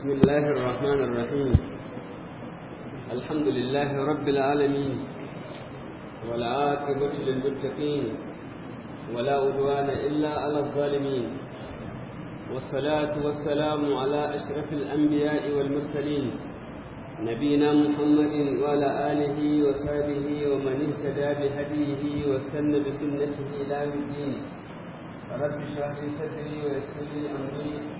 بسم الله الرحمن الرحيم الحمد لله رب العالمين والعاقبة للمتقين ولا عدوان إلا على الظالمين والصلاة والسلام على أشرف الأنبياء والمرسلين نبينا محمد وعلى آله وصحبه ومن اهتدى بهديه واستنى بسنته إلى الدين رب اشرح لي صدري ويسر لي أمري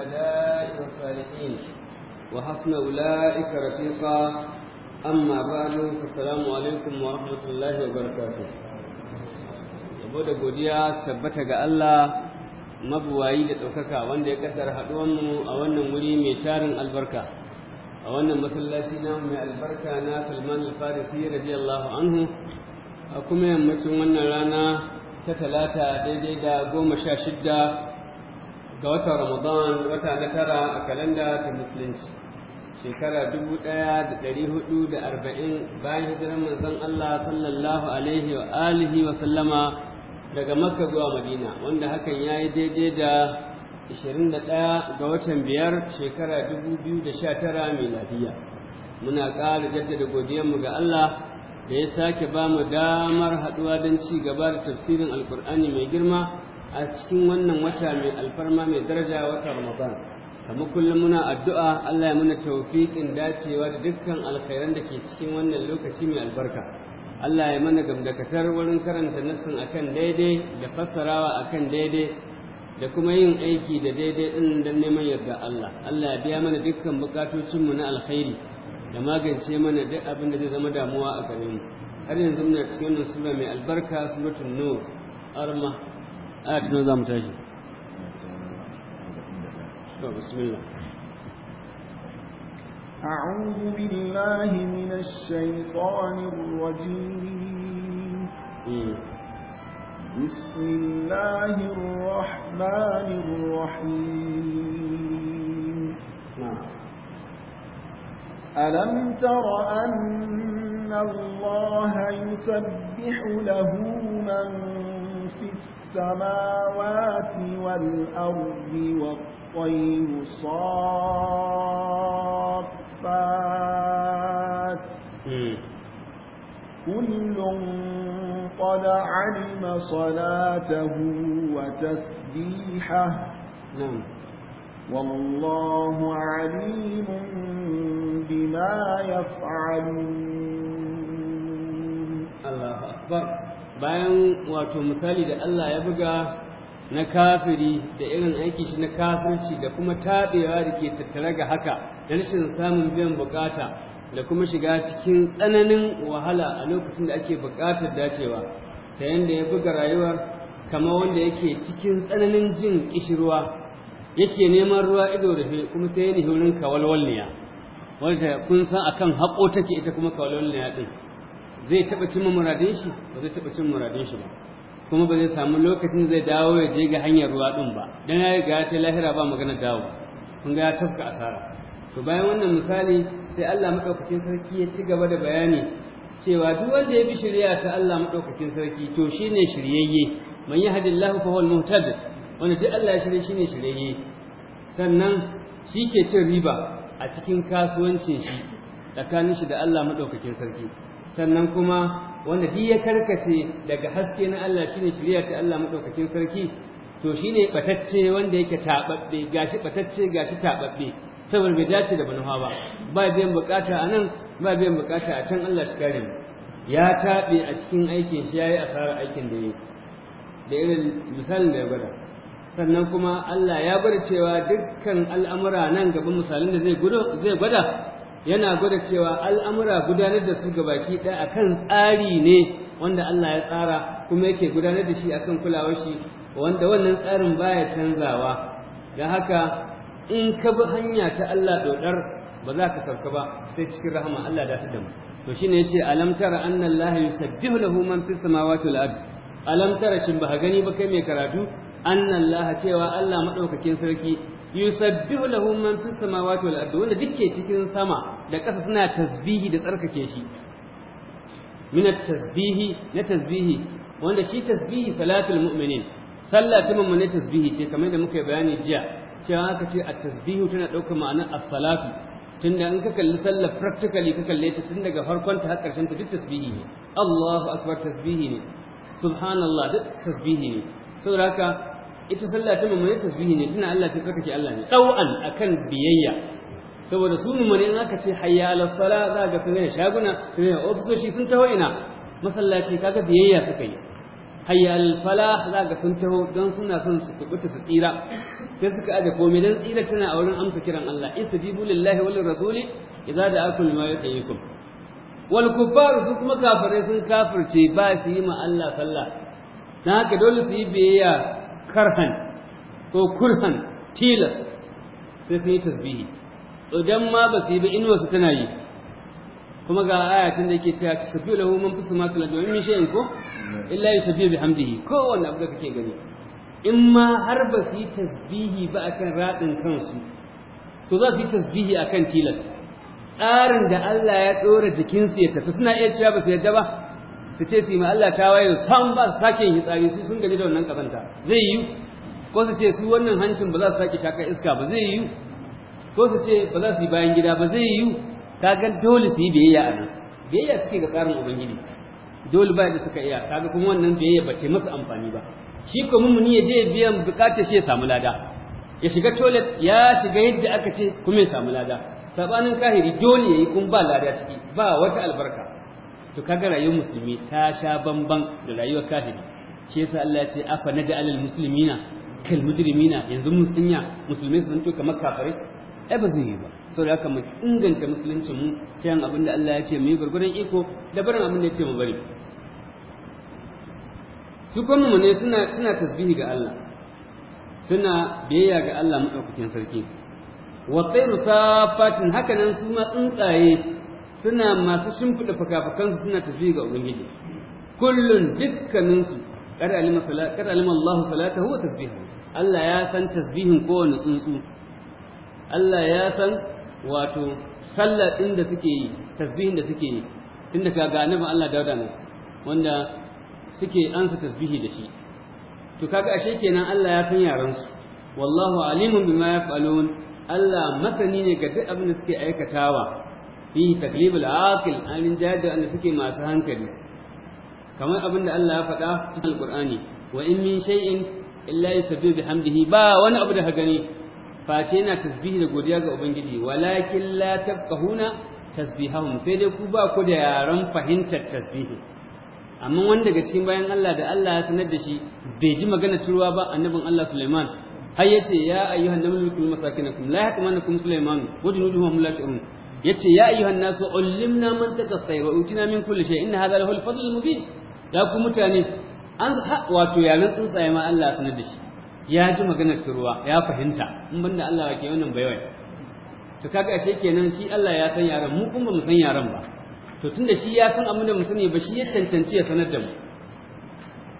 والشهداء والصالحين وحسن أولئك رفيقا أما بعد فالسلام عليكم ورحمة الله وبركاته yabo da godiya su tabbata ga Allah mabuwayi da ɗaukaka wanda ya ƙaddar haɗuwanmu a wannan wuri mai tarin albarka a wannan masallaci na mai albarka na salman al-farisi radiyallahu anhu a kuma yammacin wannan rana ta talata daidai da goma sha shidda ga watan Ramadan wata na tara a kalanda ta musulunci shekara dubu ɗaya da ɗari hudu da arba'in bayan hijiran manzon Allah sallallahu alaihi wa alihi wa sallama daga Makka zuwa Madina wanda hakan ya yi daidai da 21 ga watan biyar shekara sha tara mai lafiya. muna ƙara jaddada godiyanmu ga Allah da ya sake ba mu damar haɗuwa don ci gaba da tafsirin alkur'ani mai girma a cikin wannan wata mai alfarma mai daraja wata Ramadan kamar kullum muna addu'a Allah ya muna tawfiqin dacewa da dukkan alkhairan da ke cikin wannan lokaci mai albarka Allah ya mana gamdakatar wurin karanta nassin akan daidai da fassarawa akan daidai da kuma yin aiki da daidai din don neman yarda Allah Allah ya biya mana dukkan mu na alkhairi da magance mana duk abin da zai zama damuwa a gare mu har yanzu muna cikin wannan sura mai albarka suratul nur arma آية ذا زام بسم الله أعوذ بالله من الشيطان الرجيم بسم الله الرحمن الرحيم نعم. ألم تر أن الله يسبح له من السماوات والأرض والطير صافات كل قد علم صلاته وتسبيحه نعم. والله عليم بما يفعلون الله أكبر bayan wato misali da Allah ya buga na kafiri da irin aiki shi na kafirci da kuma taɓewa da ke tattare ga haka da rashin samun biyan bukata da kuma shiga cikin tsananin wahala a lokacin da ake bukatar dacewa ta yadda ya buga rayuwar kama wanda yake cikin tsananin jin kishirwa yake neman ruwa ido da kuma sai ya nihi wurin kawalwalniya wanda kun san akan haƙo take ita kuma kawalwalniya din zai taɓa cimma muradin shi ba zai taɓa cimma muradin shi ba kuma ba zai samu lokacin zai dawo ya je ga hanyar ruwa din ba dan ya ga ta lahira ba magana dawo kun ga ya tafka asara to bayan wannan misali sai Allah madaukakin sarki ya ci gaba da bayani cewa duk wanda ya bi shari'a ta Allah madaukakin sarki to shine shiryayye man yahdillahu fa huwal muhtad wanda duk Allah ya shirye shine shiryayye sannan shi ke cin riba a cikin kasuwancin shi tsakanin shi da Allah madaukakin sarki sannan kuma wanda duk ya karkace daga haske na Allah shine shirya ta Allah madaukakin sarki to shine batacce wanda yake tababbe gashi batacce gashi tababbe saboda bai dace da banuwa ba ba biyan bukata a nan ba biyan bukata a can Allah shi kare ya tabe a cikin aikin shi yayi asarar aikin da yake da irin misalin da ya gwada sannan kuma Allah ya gwada cewa dukkan al'amura nan gaban misalin da zai zai gwada yana gwada cewa al'amura gudanar da su ga gabaki ɗaya akan tsari ne wanda Allah ya tsara kuma yake gudanar da shi akan kulawar shi wanda wannan tsarin baya canzawa Da haka in ka bi hanya ta Allah dodar ba za ka sauka ba sai cikin rahama Allah da da mu to ne yace ce alamtar anna Allah yusabbihu lahu man fis samawati wal ard alam shin ba gani ba kai mai karatu Annan laha cewa Allah madaukakin sarki yusabbihu lahum man fis samawati wal ardi wanda dukke cikin sama da ƙasa suna tasbihi da tsarkake shi min tasbihi na tasbihi wanda shi tasbihi salatul mu'minin sallah ta mummune tasbihi ce kamar da muka yi bayani jiya cewa aka ce at tasbihu tana ɗaukar ma'anar as-salatu tunda in ka kalli sallah practically ka kalle ta tun daga farkon ta har ƙarshen ta duk tasbihi ne Allahu akbar tasbihi ne subhanallah duk tasbihi ne saboda haka ita sallah ta mummune tasbihi ne tana Allah ce tsarkake Allah ne akan biyayya saboda su mummune in aka ce hayya ala sala za ga sun shaguna sun ofisoshi sun taho ina masallaci kaga biyayya suka yi hayya al falah za ga sun taho don suna son su kubuta su tsira sai suka aje komai dan tsira tana a wurin amsa kiran Allah istajibu lillahi wal rasuli idza da'akum ma yuhyikum wal kuffar su kuma kafirai sun kafirce ba su yi ma Allah sallah dan haka dole su yi biyayya karhan ko kurhan tilas sai sun yi tasbihi To dan ma ba su yi ba inuwa su tana yi kuma ga ayatin da yake cewa tasbihu lahu man fi samawati wal ardi min shay'in ko illa yusabbihu bihamdihi ko wanda abu da kake gani in ma har ba su yi tasbihi ba akan radin kansu to za su yi tasbihi akan tilas tsarin da Allah ya dora jikinsu ya tafi suna iya cewa ba su yadda ba su ce su yi ma Allah ta waye san ba su sake yin hitsari su sun gaji da wannan kazanta zai yi ko su ce su wannan hancin ba za su sake shakar iska ba zai yi ko su ce ba za su yi bayan gida ba zai yi ta ga dole su yi biyayya a nan biyayya suke ga tsarin ubangiji dole ba da suka iya kaga kuma wannan biyayya ba ce masu amfani ba shi ko mun ya je biyan bukatar shi ya samu lada ya shiga toilet ya shiga yadda aka ce kuma ya samu lada sabanin kahiri dole yayi kun ba lada ciki ba wata albarka to kaga rayuwar musulmi ta sha bamban da rayuwar kafiri shi yasa Allah ya ce afa naj'alul muslimina kal mujrimina yanzu mun sanya musulmai sun to kamar kafirai ai ba zai yi ba saboda haka mu inganta musuluncin mu ta abin da Allah ya ce mu yi gurgurun iko da barin abin da ya ce mu bari su kuma mu ne suna suna tasbihi ga Allah suna biyayya ga Allah madaukakin sarki wa tsayru safatin nan su ma tsuntsaye suna masu shimfiɗa fakafakansu suna tafi ga ubangiji kullun dukkaninsu kada alima Allahu salatahu wa tasbihu Allah ya san tasbihin kowane tsuntsu Allah ya san wato sallar din da suke yi tasbihin da suke yi tunda ka ga annabi Allah Dauda ne wanda suke ansa tasbihi da shi to kaga ashe kenan Allah ya san yaran su wallahu alimun bima yaf'alun Allah masani ne ga duk abin da suke aikatawa fihi takliful aqil an rinjayar da wanda suke masu hankali kamar abin da Allah ya faɗa cikin alqur'ani wa in min shay'in illa yusabbihu bihamdihi ba wani abu da gani face yana tasbihi da godiya ga ubangiji walakin la tafqahuna tasbihahum sai dai ku ba ku da yaran fahimtar tasbihi amma wani daga cikin bayan Allah da Allah ya sanar da shi bai ji magana turwa ba annabin Allah Sulaiman har ya ce ya ayyuhan namu kullu masakinakum la yaqmanakum Sulaiman wa hum la yace ya ayyuhan nasu ullimna mantaka sayr wa utina min kulli shay inna hadha lahu al-fadl al-mubin da ku mutane an wato yaran tsuntsaye ma Allah sanar da shi ya ji maganar ruwa ya fahimta in banda Allah ke wannan bayawai to kaga ashe kenan shi Allah ya san yaran mu kuma mu san yaran ba to tunda shi ya san abin da mu sani ba shi ya cancanci ya sanar da mu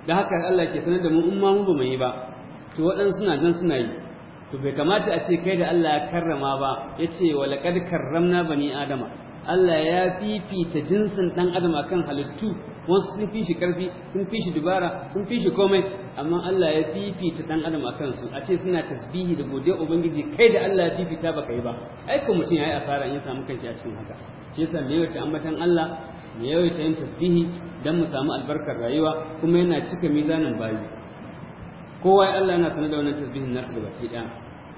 da haka Allah ke sanar da mu in ma mu ba mu yi ba to waɗansu suna nan suna yi to bai kamata a ce kai da Allah ya karrama ba yace wa laqad karramna bani adama Allah ya fifita jinsin ɗan adam akan halittu wasu sun fi shi karfi sun fi shi dubara sun fi shi komai amma Allah ya fifita ɗan adam akan su a ce suna tasbihi da godiya ubangiji kai da Allah ya fifita ba kai ba ai mutum ya yi asara in ya samu kanki a cikin haka shi yasa me yawaita ambatan Allah me yawaita yin tasbihi dan mu samu albarkar rayuwa kuma yana cika mizanin bayu kowa ya Allah yana sanar da wannan tasbihin na da baki ɗaya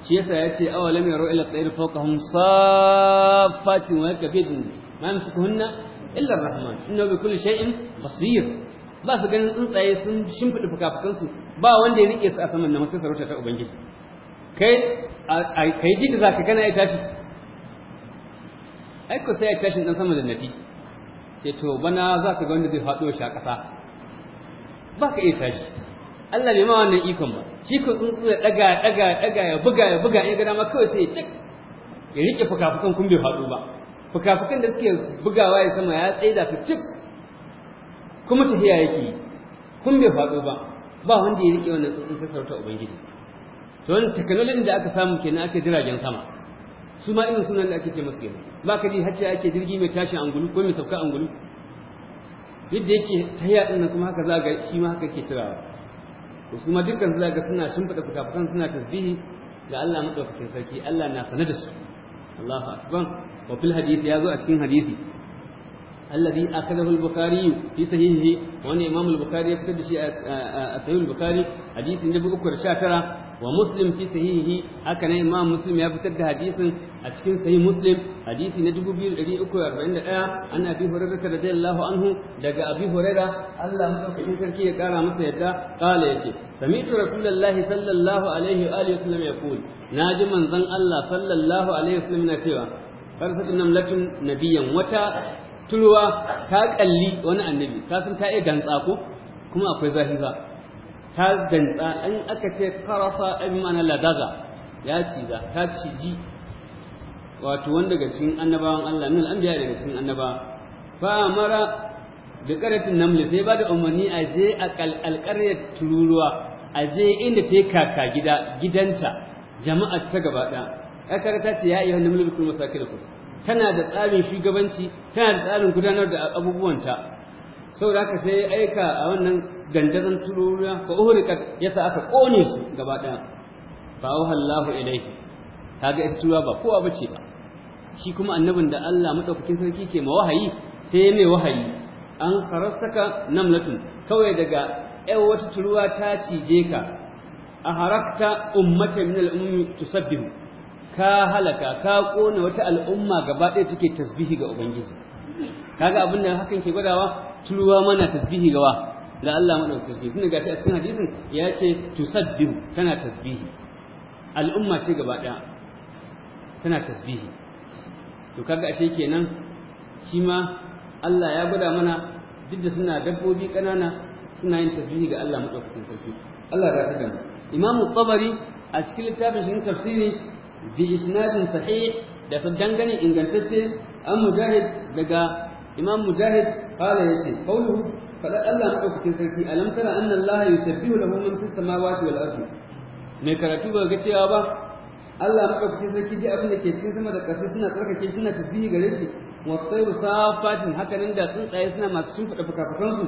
shi yasa ya ce awa lam yaru ila tsayir fawqahum saffatin wa yakbidun ma suka illa illar rahman innahu bi kulli shay'in basir ba su ganin tsuntsaye sun shimfiɗa fukafukan su ba wanda ya rike su a saman nan sai sarauta ta ubangiji kai kai ji za zaka kana ya tashi ai ko sai ya tashi dan sama da nati sai to bana za su ga wanda zai faɗo shi a ƙasa ba ka iya tashi Allah bai ma wannan ikon ba shi ko tsuntsu ya daga daga daga ya buga ya buga in gada ma kawai sai ya cik ya rike fukafukan kun bai faɗo ba fukafukan da suke bugawa ya sama ya tsaida su cik kuma tafiya yake kun bai faɗo ba ba wanda ya rike wannan tsuntsun sassauta ubangiji to wannan technology da aka samu kenan ake jiragen sama su ma irin sunan da ake ce masu kenan ba ka ji hacce ake jirgi mai tashin angulu ko mai sauka angulu yadda yake ta din nan kuma haka za ga shi ma haka ke turawa to su ma dukkan su zaka suna shimfida fukafukan suna tasbihi ga Allah madaukakin sarki Allah na sanar da su Allahu akbar wa fil hadisi a cikin hadisi alladhi akhadahu al-bukhari fi sahihihi wani imam al-bukhari ya fitar da shi a sahih al-bukhari hadisi ne 319 wa muslim fi sahihi haka ne imam muslim ya fitar da hadisin a cikin sahih muslim hadisi na 2341 an abi hurairah radiyallahu anhu daga abi hurairah Allah madaukakin sarki ya kara masa yadda kala yace sami'tu rasulullahi sallallahu alaihi wa alihi wasallam yaqul naji manzon Allah sallallahu alaihi wasallam na cewa farsatun namlatun nabiyan wata tulwa ta kalli wani annabi ka san ta iya gantsa ko kuma akwai zahiba ta gantsa, in aka ce karasa ɗan mana ladaza ya ciza ta ciji wato wanda daga cikin annabawan Allah nan an biya daga cikin annaba fa mara da karatin namle sai ba da umarni a je a alƙaryar tururuwa a je inda ta yi kaka gida gidanta Jama'a ta gaba ɗaya ƙarƙar ta ce ya iya wani mulkin masakirku tana da tsarin shugabanci tana da tsarin gudanar da abubuwanta saboda haka sai aika a wannan gandazan tururuwa fa ka yasa aka kone su gaba daya fa Allahu ilaihi kaga ita turuwa ba kowa bace ba shi kuma annabin da Allah madaukakin sarki ke ma wahayi sai mai wahayi an farastaka namlatun kawai daga ai wata turuwa ta cije ka a harakta ummatan min al-ummi tusabbihu ka halaka ka kona wata al'umma gaba ɗaya take tasbihi ga ubangiji kaga abin da hakan ke gwadawa turuwa mana tasbihi gawa da Allah madaukakin tun tunda gashi a cikin hadisin ya ce tusabbihu tana tasbihi al'umma ce gaba daya tana tasbihi to kaga ashe kenan shi ma Allah ya gwada mana duk da suna dabbobi kanana suna yin tasbihi ga Allah madaukakin sarki Allah ya ta gama Imam Tabari a cikin littafin shi tafsiri bi isnadin sahih da sun dangane ingantacce an mujahid daga Imam Mujahid قال يسي قوله faɗa Allah maɗaukakin sarki alam tara anna Allah yusabbihu lahu man fis samawati wal ardi mai karatu ba ga cewa ba Allah maɗaukakin sarki ji abin da ke cikin sama da ƙasa suna tsarkake shi suna tasbihi gare shi wa tsayru safatin haka nan da tsuntsaye suna masu shimfiɗa fuka-fukansu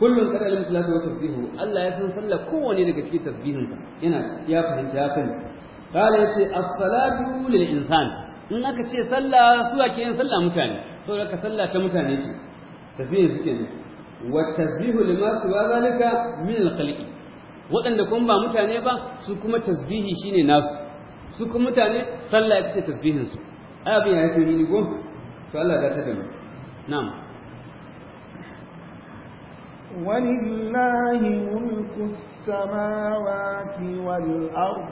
kullum kada alim salatu wa tasbihu Allah ya san sallah kowane daga cikin tasbihinsa yana ya fahimta ya sani qala yace as-salatu lil insan in aka ce sallah su ake yin sallah mutane saboda ka sallah ta mutane ce tasbihin suke ne wa tasbihu lima siwa zalika min al waɗanda kuma ba mutane ba su kuma tasbihi shine nasu su kuma mutane sallah ita ce tasbihin su ai abin ya yi ni go to Allah ya tada mu na'am ولله ملك hmm. wa والأرض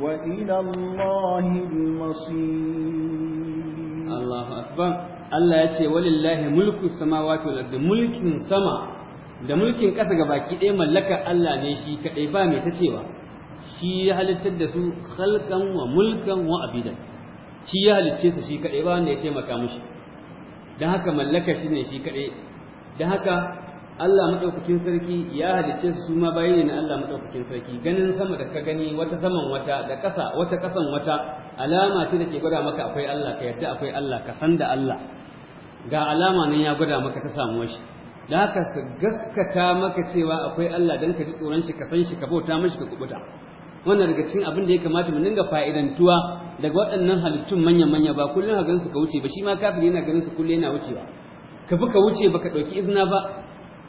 وإلى الله المصير الله أكبر Allah ya ce walillahi mulku samawati wal ardi mulkin sama da mulkin ƙasa ga baki ɗaya mallakar Allah ne shi kaɗai ba mai ta cewa shi ya halittar da su khalqan wa mulkan wa abidan shi ya halicce su shi kaɗai ba wanda ya taimaka mushi don haka mallakar shi ne shi kaɗai don haka Allah maɗaukakin sarki ya halicce su su ma bayi ne na Allah maɗaukakin sarki ganin sama da ka gani wata saman wata da ƙasa wata ƙasan wata alama ce da ke gwada maka akwai Allah ka yarda akwai Allah ka san da Allah ga alama nan ya gwada maka ta samuwa shi da haka su gaskata maka cewa akwai Allah dan ka ji tsoron shi ka san shi ka bauta mashi ka kubuta wannan daga cikin abin da ya kamata mu dinga fa'idantuwa daga waɗannan halittun manya manya ba kullun ha su ka wuce ba shi ma kafiri yana ganin su kullun yana wucewa ka fi ka wuce baka ɗauki izina ba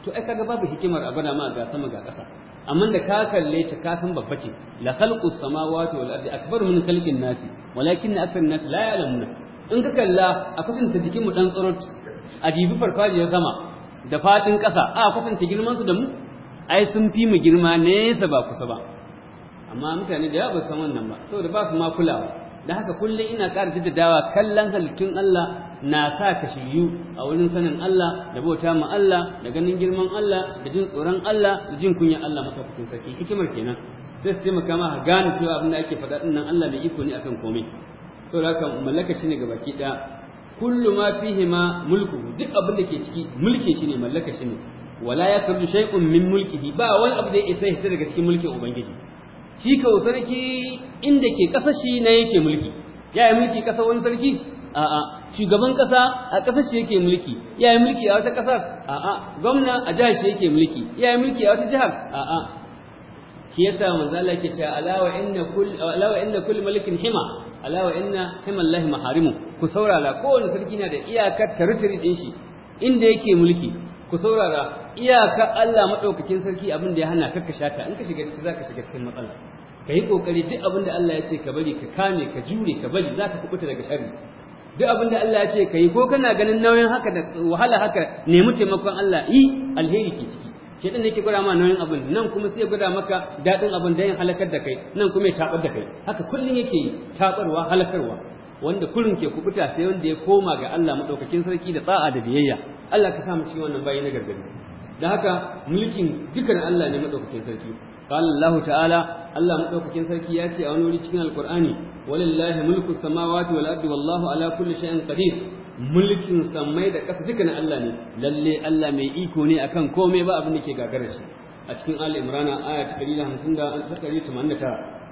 to ai kaga babu hikimar a gwada ma ga sama ga ƙasa amma da ka kalle ta ka san babba ce la khalqu samawati wal ardi akbar min khalqin nasi walakin akthar nas la ya'lamuna in ka kalla a kasance jikinmu ɗan tsurut a jibi farfajiyar sama da faɗin ƙasa a girman su da mu ai sun fi mu girma nesa ba kusa ba amma mutane da yawa ba san wannan ba saboda ba su ma kulawa da haka kullum ina ƙara jaddadawa kallon halittun Allah na sa ka shiryu a wurin sanin Allah da bauta ma Allah da ganin girman Allah da jin tsoron Allah da jin kunya Allah mafafikin sarki hikimar kenan sai su taimaka ma gane cewa abin da ake faɗa ɗin nan Allah mai iko ne akan komai to haka mallaka shi ne gabaki ɗaya kullu ma fihi ma mulku duk abin da ke ciki mulki shi ne mallaka shi ne wala ya kullu shay'un min mulkihi ba wani abu da ya isa daga cikin mulkin ubangiji shi ka sarki inda ke ƙasa shi na yake mulki ya yi mulki ƙasa wani sarki a'a shugaban ƙasa a ƙasa shi yake mulki ya yi mulki a wata ƙasar a'a gwamna a jihar shi yake mulki ya yi mulki a wata jihar a'a shi yasa manzo Allah yake cewa alawa inna kull alawa inna kull malikin hima alawa inna himallahi maharimu ku saurara kowane sarki na da iyakar territory din shi inda yake mulki ku saurara iyakar Allah madaukakin sarki abin da ya hana ka shata in ka shiga ciki zaka shiga cikin matsala ka kokari duk abin da Allah ya ce ka bari ka kame ka jure ka bari zaka kubuta daga sharri duk abin da Allah ya ce ka ko kana ganin nauyin haka da wahala haka nemi taimakon Allah yi alheri ke ciki shedan ne ke gwada ma nauyin abin nan kuma sai ya gwada maka daɗin abin da yin halakar da kai nan kuma ya tabar da kai haka kullum yake yi tabarwa halakarwa wanda kullum ke kubuta sai wanda ya koma ga Allah madaukakin sarki da tsa'a da biyayya Allah ka sa mu cikin wannan bayi na gargadi da haka mulkin dukkan Allah ne madaukakin sarki قال ta'ala Allah الله sarki ya ce a wani wuri cikin alqur'ani walillahi mulku samawati wal ardi wallahu ala kulli shay'in qadir mulkin sammai da ƙasa duka na Allah ne lalle Allah mai iko ne akan komai ba abin da ke gagara shi a cikin Ali Imran aya ta 189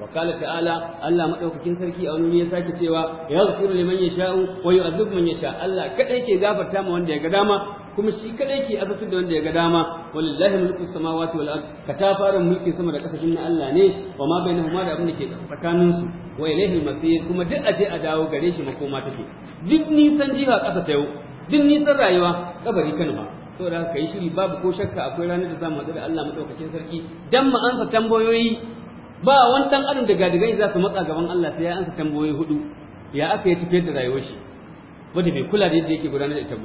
wa qala ta'ala Allah madaukakin sarki a wani ya sake cewa yaghfiru liman yasha'u wa yu'adhibu man yasha Allah kadai ke gafarta ma wanda ya ga dama kuma shi kadai ke azabtar da wanda ya ga dama walillahi mulku samawati wal ard fara mulki sama da kasa na Allah ne wa ma bainahuma da abin da ke tsakanin su wa ilayhi masir kuma duk aje a dawo gare shi makoma take duk nisan jiha kasa ta yau duk nisan rayuwa kabari kan ba to da kai shiri babu ko shakka akwai ranar da za mu da Allah madaukakin sarki dan mu ansa tambayoyi ba wani dan adam da gadigai za su matsa gaban Allah sai ya ansa tambayoyi hudu ya aka yi tafiyar da rayuwar shi wanda bai kula da yadda yake gudanar da ita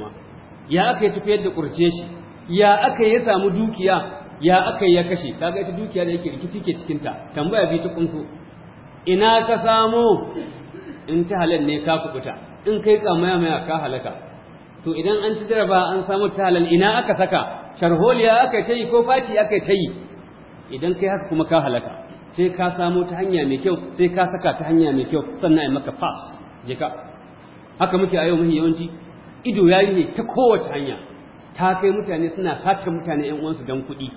ya aka yi tafiyar da kurce shi ya aka yi ya samu dukiya ya aka yi ya kashe ga ita dukiya da yake rikici ke cikin ta tambaya bi ta kunso ina ka samo in ta halal ne ka kubuta in kai tsamaya maya ka halaka to idan an ci jaraba an samu ta halal ina aka saka sharholiya aka ta yi ko fati aka ta yi idan kai haka kuma ka halaka sai ka samo ta hanya mai kyau sai ka saka ta hanya mai kyau sannan ya maka fas, je haka muke a yau mahi yawanci ido yi ne ta kowace hanya ta kai mutane suna satar mutane yan uwansu dan kuɗi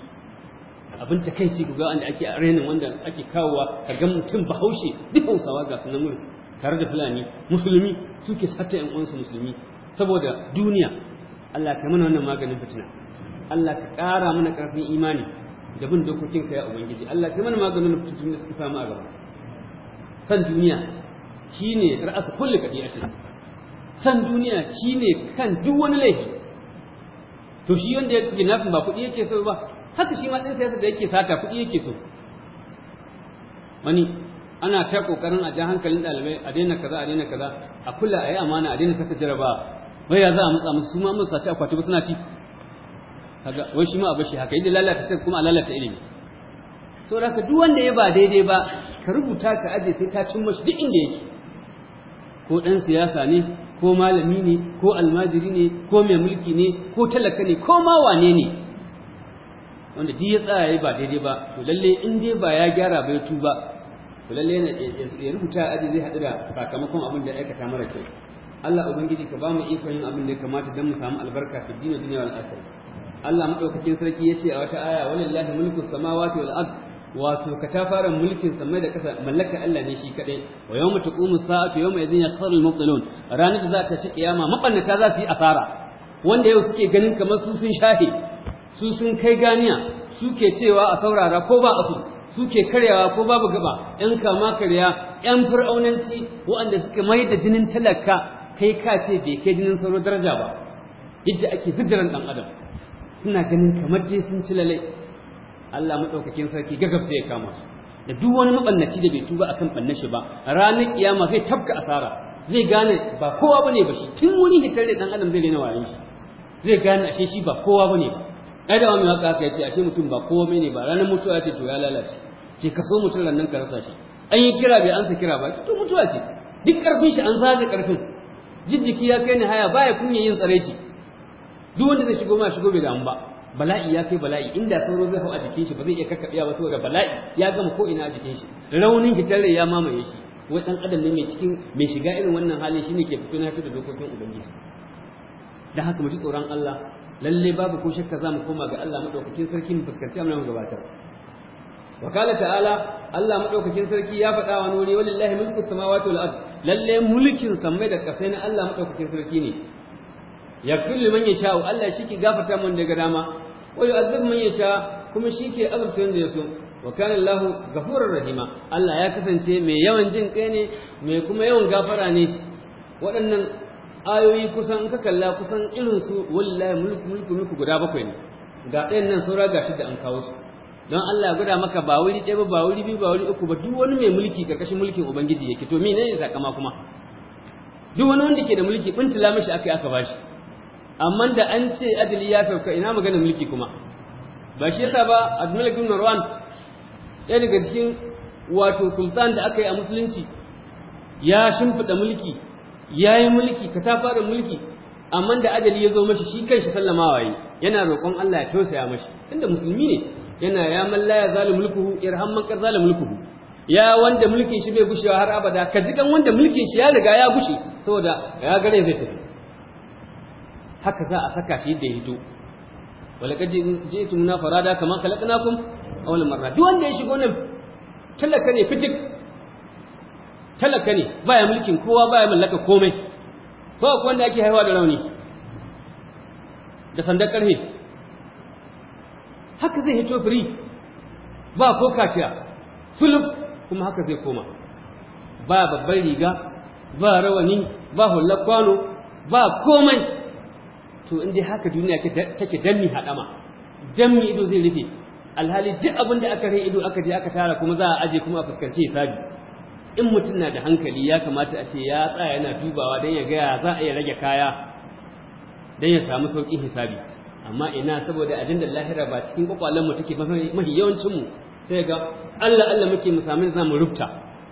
abin ta kai ci ga wanda ake renin wanda ake kawowa ka ga mutum bahaushe duk hausawa ga sunan mulki tare da fulani musulmi suke sata yan uwansu musulmi saboda duniya Allah ka mana wannan maganin fitina Allah ka ƙara mana ƙarfin imani da bin dokokin ka ya ubangiji Allah ka mana maganin fitina da suka samu a gaba san duniya shine ra'asa kulli kadi ashin san duniya ne kan duk wani laifi to shi wanda ya nafin ba kuɗi yake so ba haka shi ma ɗin siyasa da yake sata kuɗi yake so wani ana ta kokarin a ja hankalin ɗalibai a daina kaza a daina kaza a kula a yi amana a daina saka jaraba wai ya za a matsa musu su ma musu sace akwati ba suna ci kaga wai shi ma a bashi haka yadda lalata ta kuma a lalata ilimi to haka duk wanda ya ba daidai ba ka rubuta ka aje sai ta cin mashi duk inda yake ko ɗan siyasa ne ko malami ne ko almajiri ne ko mai mulki ne ko talaka ne ko ma wane ne wanda duk ya tsaya ba daidai ba to lalle in dai ba ya gyara ba ya tuba to lalle yana ya rubuta aji zai hadu da sakamakon abin da aikata mara kyau Allah ubangiji ka ba mu ikon yin abin da ya kamata dan mu samu albarka fi dinin duniya wal akhirah Allah madaukakin sarki yace a wata aya walillahi mulku samawati wal ardh wato fara mulkin samai da kasa mallaka Allah ne shi kadai wa yawma tuqumu sa'atu yawma idhin yakhsaru al-mubtilun ranar da za ta ci kiyama mabannata za su yi asara wanda yau suke ganin kamar su sun shahi su sun kai ganiya suke cewa a saurara ko ba a su suke karyawa ko babu gaba yan kama karya yan fir'aunanci waɗanda suka mai da jinin talaka kai ka ce bai kai jinin sauro daraja ba yadda ake ziddaran ɗan adam suna ganin kamar dai sun ci lalai Allah madaukakin sarki gagab sai ya kama su da duk wani mabannaci da bai tuba akan bannan shi ba ranar kiyama zai tabka asara zai gane ba kowa bane ba shi tun wani hitar da dan adam zai rena wayan shi zai gane ashe shi ba kowa bane ba ai da wani waka ya yace ashe mutum ba kowa bane ba ranar mutuwa ce to ya lalace ce ka so mutum nan ka rasa shi an yi kira bai ansa kira ba to mutuwa ce duk karfin shi an zaga karfin jijjiki ya kai ni haya baya kunya yin tsareci duk wanda zai shigo ma shigo bai damu ba bala'i ya kai bala'i inda sauro zai hau a jikin shi ba zai iya kakkaɓiya ba saboda bala'i ya gama ko ina a jikin shi raunin hitar ya mamaye shi wai dan adam ne mai cikin mai shiga irin wannan hali shine ke fito na da dokokin ubangiji dan haka mu ji tsoron Allah lalle babu ko shakka za mu koma ga Allah madaukakin sarki mu fuskanci amana mu gabatar wakala ta'ala Allah madaukakin sarki ya faɗa wa nuri walillahi mulku samawati wal ard lalle mulkin samai da kafai na Allah madaukakin sarki ne yaghfir man yasha Allah shi ke gafarta mun daga dama wa yu'adhib man yasha kuma shi ke azabta wanda ya so wa kana Allah ghafurur rahima Allah ya kasance mai yawan jin kai ne mai kuma yawan gafara ne waɗannan ayoyi kusan ka kalla kusan irin su wallahi mulku mulku mulku guda bakwai ne ga ɗayan nan saura ga shi da an kawo su don Allah ya gwada maka ba wuri ɗaya ba ba wuri biyu ba wuri uku ba duk wani mai mulki karkashin mulkin ubangiji yake to mene ne sakama kuma duk wani wanda ke da mulki bintila mishi akai aka bashi amma da an ce adali ya sauka ina magana mulki kuma ba shi yasa ba Abdulmalik bin Marwan daga cikin wato sultan da aka yi a musulunci ya shimfiɗa mulki ya yi mulki ka ta fara mulki amma da adali ya zo mashi shi kan shi sallamawa waye yana roƙon Allah ya tausaya mashi tunda musulmi ne yana ya malla ya zalim mulkuhu irham man qad zalim mulkuhu ya wanda mulkin shi bai gushewa har abada ka kan wanda mulkin shi ya riga ya gushe saboda ya gare zai tafi haka za a saka shi yadda ya hito walaqad na farada kama khalaqnakum awwal marra duk wanda ya shigo nan talaka ne fitik talaka ne baya mulkin kowa baya mallaka komai ko wanda ake haihuwa da rauni da sandar karhe haka zai hito firi ba ko kaciya sulub kuma haka zai koma ba babban riga ba rawani ba hular kwano ba komai to in dai haka duniya take danni haɗama danni ido zai rufe alhali duk abin da aka rai ido aka je aka tara kuma za a aje kuma a fuskanci hisabi in mutum na da hankali ya kamata a ce ya tsaya yana dubawa don ya gaya za a iya rage kaya don ya samu sauƙin hisabi amma ina saboda da lahira ba cikin kwakwalen mu take mafi yawancin mu sai ga Allah Allah muke mu samu za mu rubta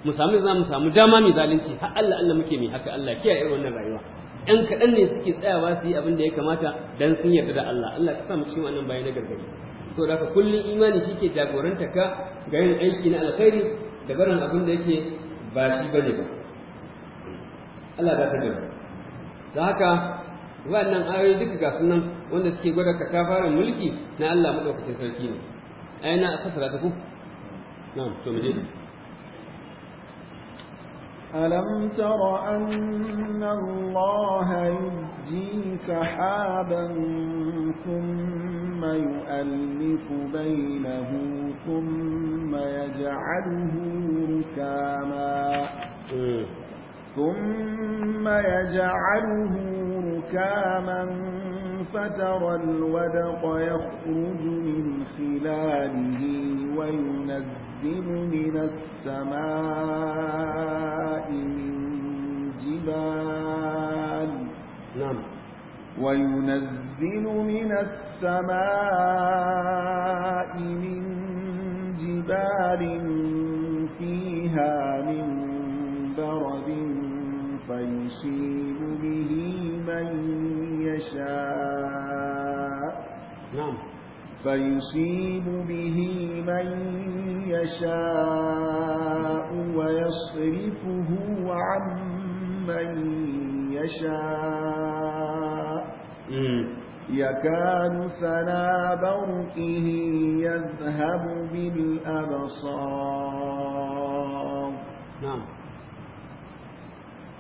mu samu za mu samu dama mai zalunci har Allah Allah muke mai haka Allah kiyaye wannan rayuwa ɗan kaɗan ne suke tsayawa su yi abin da ya kamata don sun yarda da Allah Allah ka samu cikin wannan bayan na gargari So da ka kullum imani shi ke jagoranta ka ga yin aiki na alkhairi da barin abin da yake ba shi ne ba Allah za ta gaba da haka waɗannan ayoyi duka ga sunan wanda suke gwada ka, fara mulki na Allah madaukakin sarki ne ai a asasara ta ku na'am to mu je ألم تر أن الله يجي سحابا ثم يؤلف بينه ثم يجعله ركاما ثم يجعله ركاما فترى الودق يخرج من خلاله وينزل ينزل من السماء من جبال نعم وينزل من السماء من جبال فيها من برد فيصيب به من يشاء نعم فيصيب به من يشاء ويصرفه عن من يشاء يكاد ثنا برقه يذهب بالأبصار نعم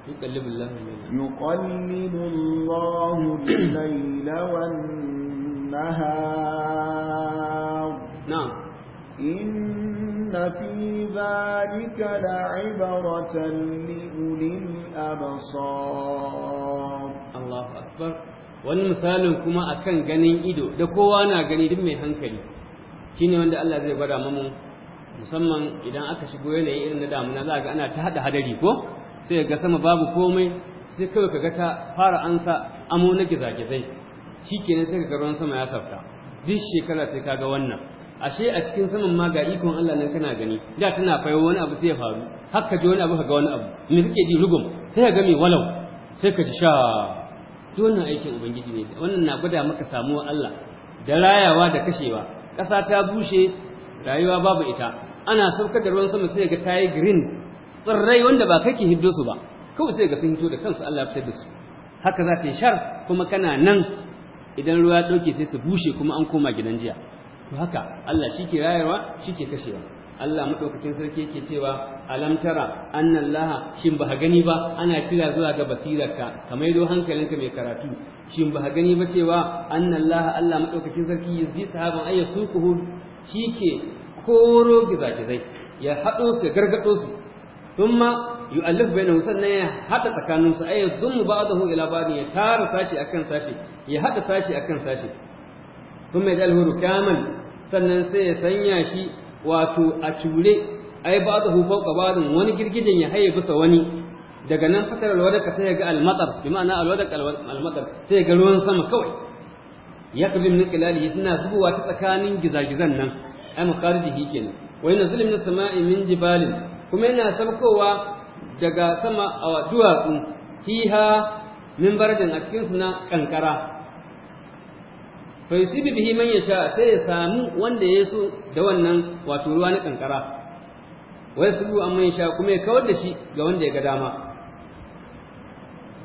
يقلب الله الليل يقلب الله الليل والنهار والنهار نعم إن في ذلك لعبرة لأولي الأبصار الله أكبر wani misalin kuma akan ganin ido da kowa na gani duk mai hankali ne wanda Allah zai gwada mamu musamman idan aka shigo yanayi irin na damuna za ga ana ta hada hadari ko sai ga sama babu komai sai kawai ka ga ta fara ansa amo na gizagizai shikenan sai ka ruwan sama ya safta duk shekara sai ka ga wannan ashe a cikin saman ma ga ikon Allah nan kana gani da tana fayo wani abu sai ya faru haka ji wani abu ka ga wani abu me kake ji rugum sai ka ga me walau sai ka ji sha duk wannan aikin ubangiji ne wannan na gwada maka samuwa Allah da rayawa da kashewa ƙasa ta bushe rayuwa babu ita ana saukar da ruwan sama sai ga tayi green tsirrai wanda ba kake hiddo su ba kawai sai ga sun hito da kansu Allah ya fitar da su haka za ta yi shar kuma kana nan idan ruwa ya sai su bushe kuma an koma gidan jiya to haka Allah shi ke rayarwa shi ke kashewa Allah maɗaukakin sarki yake cewa alam tara laha, shin ba gani ba ana kira zuwa ga basirarka ka maido hankalinka mai karatu shin ba gani ba cewa laha Allah maɗaukakin sarki yazi sahaban ayyasukuhu shi ke koro gizagizai ya haɗo su ya gargaɗo su ma. yu'allif bainahu sannan ya hada tsakanin su ay yadhum ba'dahu ila ba'd ya tara sashi akan sashi ya hada sashi akan sashi kuma ya dalhu rukaman sannan sai ya sanya shi wato a cure ai ba da hufau wani girgijin ya haye bisa wani daga nan fatar alwadaka sai ya ga almatar bi ma'ana al almatar sai ya ga ruwan sama kawai ya kabin min suna yana zubowa ta tsakanin gizagizan nan ai makarijihi kenan wa yana zulmin sama'i min jibalin kuma yana sabkowa daga sama a duwatsu fiha min baradin a cikinsu na kankara fa yusibu bihi man sha sai ya samu wanda ya so da wannan wato ruwa na kankara su yasibu an man sha kuma ya kawar da shi ga wanda ya ga dama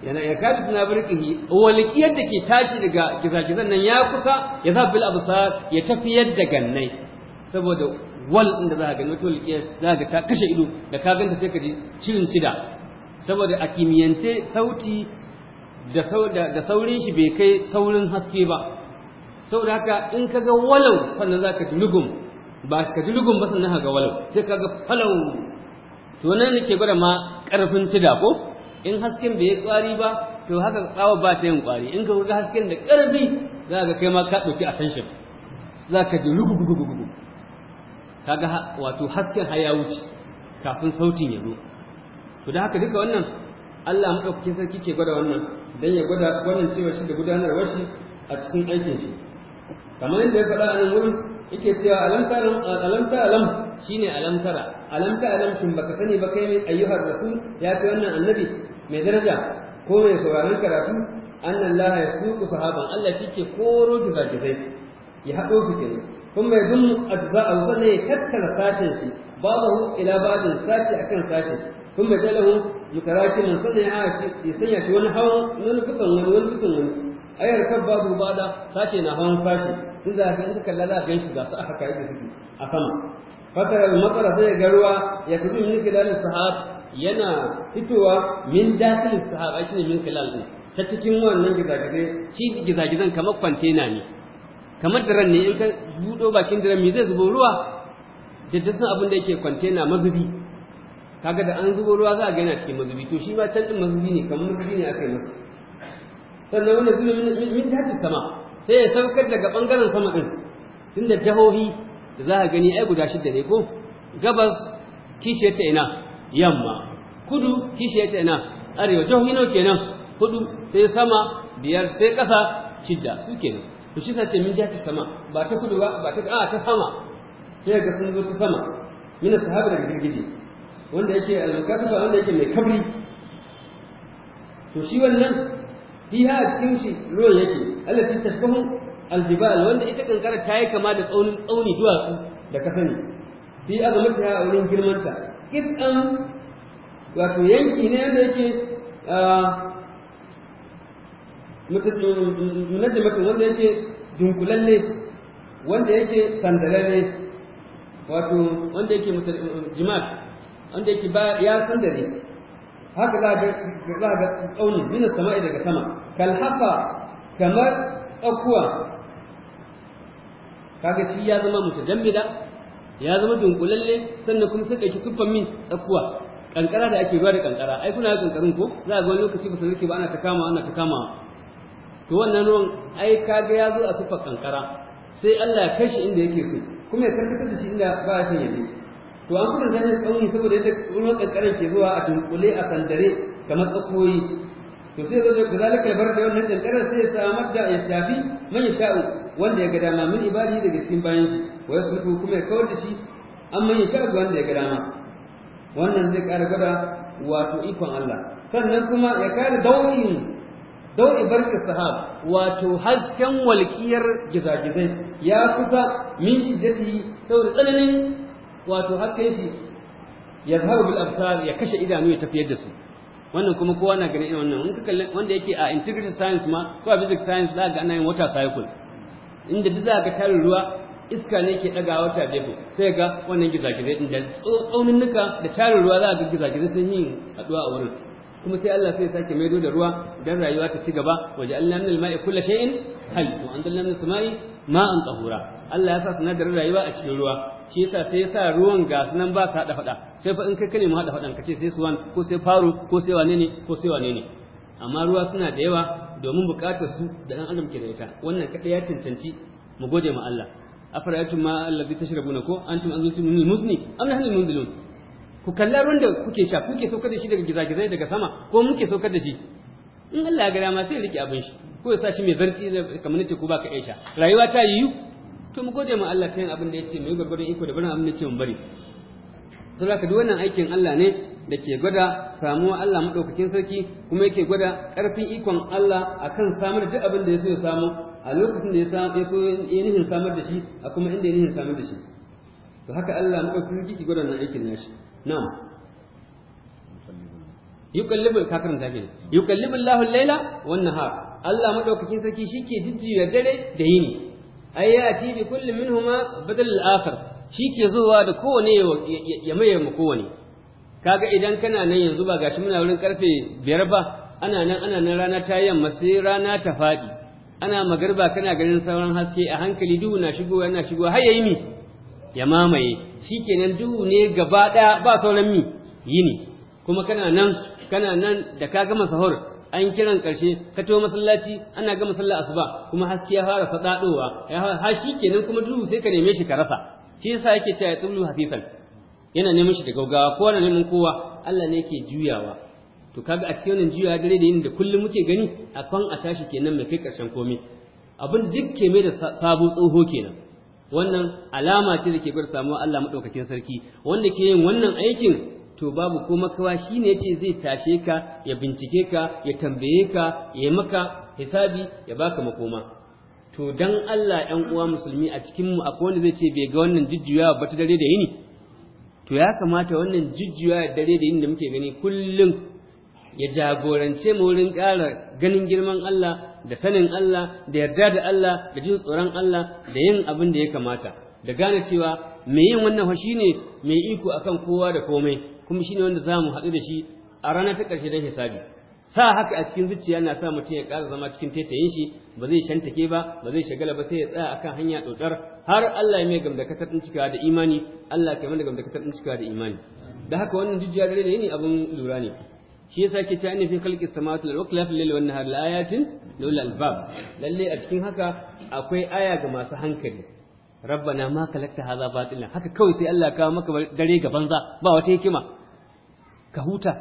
yana ya kaji tana barkihi waliki yadda ke tashi daga gizagizan nan ya kusa ya zafi al'abusa ya tafi yadda gannai saboda wal inda za a gani wato walƙiya za ka kashe ido da ka ganta sai ka ji cirin cida saboda a kimiyyance sauti da saurin shi bai kai saurin haske ba saboda haka in ka ga walau sannan za ka ji lugun ba ka ji lugun ba sannan ga walau sai ka ga falau to nan nake gwada ma ƙarfin cida ko in hasken bai yi ƙwari ba to haka tsawa ba ta yin ƙwari in ka ga hasken da ƙarfi za ka kai ma ka ɗauki attention za ka ji rugugugugugu kaga wato hasken haya wuce kafin sautin ya zo to da haka duka wannan Allah madaukakin sarki ke gwada wannan dan ya gwada wannan cewa shi da gudanarwar shi a cikin aikin shi kamar yadda ya faɗa a nan wurin yake cewa alam ta alam shine alam tara alam ta alam shin baka sani ba kai ayyuhar rasul ya fi wannan annabi mai daraja ko mai sauraron karatu annan laha ya suku sahaban Allah kike ke koro gizagizai ya haɗo su kenan kuma ya zun adba'ahu sannan ya tattara sashen shi ba ba'dahu ila ba ba'din sashi akan sashi kuma ya lahu yukarakin sannan ya shi ya sanya shi wani hawan wani kusan wani wani kusan wani ayar kan babu bada sashe na hawan sashi duk da haka in ka kalla za ka ganshi ga su a haka yake suke a sama fatara al-matara sai ya garuwa ya tafi min kilalin sahab yana fitowa min dakilin sahab shine min kilal ta cikin wannan gizagizai shi gizagizan kamar kwantena ne kamar daren ne in ka buɗo bakin daren me zai zubo ruwa da ta san abin da yake kwantena mazubi kaga da an zubo ruwa za a ga cikin mazubi to shi ma can din mazubi ne kamar mazubi ne aka yi masa sannan wanda zubi min jihar sama sai ya saukar daga bangaren sama din tunda jahohi da za a gani ai guda shidda ne ko gabas kishi ta ina yamma kudu kishi ta ina arewa jahohi nau' kenan kudu sai sama biyar sai ƙasa shidda su kenan to shi sa ce min ta sama ba ta kudu ba ba ta a ta sama sai ga sun zo ta sama mina sahaba daga girgije wanda yake al ba wanda yake mai kabri to shi wannan fiha a cikin shi ruwan yake Allah ta tashbahu al-jibal wanda ita kankara ta yi kama da tsaunin tsauni duwatsu da ka sani fi azamatiha a wurin girmanta kitan wato yanki ne yadda yake da munajjimatun wanda yake dunkulalle wanda yake sandalalle wato wanda yake jimat wanda yake ba ya sandare haka za ga za ga tsauni min sama'i daga sama kal hafa kamar tsakuwa kaga shi ya zama mutajammida ya zama dunkulalle sannan kuma sai ɗauki siffar min tsakuwa kankara da ake ruwa da kankara ai kuna kankarun ko za a ga wani lokaci ba su rike ba ana ta kama ana ta kama to wannan ruwan ai kage ya zo a sufar kankara sai Allah ya kashi inda yake so kuma ya karkatar da shi inda ba shi yake to an kuma zanen kauni saboda yadda ruwan kankara ke zuwa a tunkule a sandare kamar tsakoyi to sai zai ga zalika bar da wannan kankara sai ya samar da ya shafi man ya sha'u wanda ya ga dama min ibadi daga cikin bayan shi wa yasluku kuma ya kawar da shi an man ya wanda ya ga dama wannan zai kara gwada wato ikon Allah sannan kuma ya kare daurin dau barka sahab wato hasken walƙiyar gizagizai ya kusa min shiddati saboda tsananin wato hasken shi ya zahabu bil absar ya kashe idanu ya tafiyar da su wannan kuma kowa na ganin wannan in ka kalli wanda yake a integrated science ma ko a physics science za ga ana yin water cycle inda duk za ka tarin ruwa iska ne ke daga wata gefe sai ga wannan gizagizai inda da tsaunin nuka da tarin ruwa za ga gizagizai sun yi haduwa a wurin kuma sai Allah sai ya sake maido da ruwa dan rayuwa ta ci gaba waje Allah min al-ma'i kullu shay'in hayy wa anzalna min as-sama'i ma'an tahura Allah ya sa sinadarin rayuwa a cikin ruwa shi yasa sai ya sa ruwan ga nan ba sa hada fada sai fa in kai kane mu hada fadan kace sai suwan ko sai faru ko sai wane ne ko sai wane ne amma ruwa suna da yawa domin bukatar su da dan adam ke da ita wannan kada ya cancanci mu gode ma Allah yatum ma allazi tashrabuna ko antum anzaltum min muzni am nahnu munzilun ku kalla ruwan da kuke sha kuke saukar da shi daga gizagizai daga sama ko muke saukar da shi in Allah ya ga dama sai rike abin shi ko ya sa shi mai zarci kamar nace ku baka aisha rayuwa ta yiwu to mu gode mu Allah ta yin abin da yace mu gargadin iko da barin abin da yace mun bari saboda ka duk wannan aikin Allah ne da ke gwada samuwa Allah madaukakin sarki kuma yake gwada karfin ikon Allah akan samar da duk abin da yaso ya samu a lokacin da ya so ya nihin samar da shi a kuma inda ya nihin samar da shi to haka Allah madaukakin sarki ke gwada wannan aikin nashi na'am ka karanta kenan yuqallibul lahu al-laila wan nahar Allah madaukakin sarki ke jijjiya dare da yini ayati bi kulli minhuma badal al-akhar shike zuwa da kowane ya maye mu kowane kaga idan kana nan yanzu ba gashi muna wurin karfe biyar ba ana nan ana nan rana ta yamma sai rana ta faɗi ana ma magarba kana ganin sauran haske a hankali duhu na shigo yana shigo har yayi mi ya mamaye shi shikenan duhu ne gaba ɗaya ba sauran mi yini kuma kana nan kana nan da ka gama sahur an kiran ƙarshe ka to masallaci ana gama sallar asuba kuma haske ya fara sadadowa ha shikenan kuma duhu sai ka neme shi ka rasa shi yasa yake cewa ya tsulu hafifan yana neman shi da gaugawa ko wani neman kowa Allah ne yake juyawa to kaga a cikin wannan juyawa dare da yin da kullum muke gani a kwan a tashi kenan mai kai ƙarshen komai abin duk ke mai da sabo tsoho kenan wannan alama ce da ke gwada samuwa Allah maɗaukakin sarki wanda ke yin wannan aikin to babu ko makawa shi ne ce zai tashe ka ya bincike ka ya tambaye ka ya maka hisabi ya baka makoma to dan Allah 'yan uwa musulmi a cikin mu akwai wanda zai ce bai ga wannan jujjuyawa ba ta dare da yini to ya kamata wannan jujjuyawa dare da yini da muke gani kullum ya jagorance mu wurin ƙara ganin girman Allah da sanin Allah da yarda da Allah da jin tsoron Allah da yin abin da ya kamata da gane cewa mai yin wannan fa shine mai iko akan kowa da komai kuma shine wanda za mu haɗu da shi a rana ta ƙarshe don hisabi sa haka a cikin zuciya na sa mutum ya ƙara zama cikin taitayin shi ba zai shantake ba ba zai shagala ba sai ya tsaya akan hanya ɗoɗar har Allah ya mai gamdakatar ɗin cikawa da imani Allah ya mai gamdakatar ɗin cikawa da imani da haka wannan jujjuya dare da yini abin lura ne shi yasa ke ta ne fi khalqis samawati wal ardi lil har nahar la ayatin lil albab lalle a cikin haka akwai aya ga masu hankali rabbana ma kalakta hadha batilan haka kawai sai Allah kawo maka dare ga banza ba wata hikima ka huta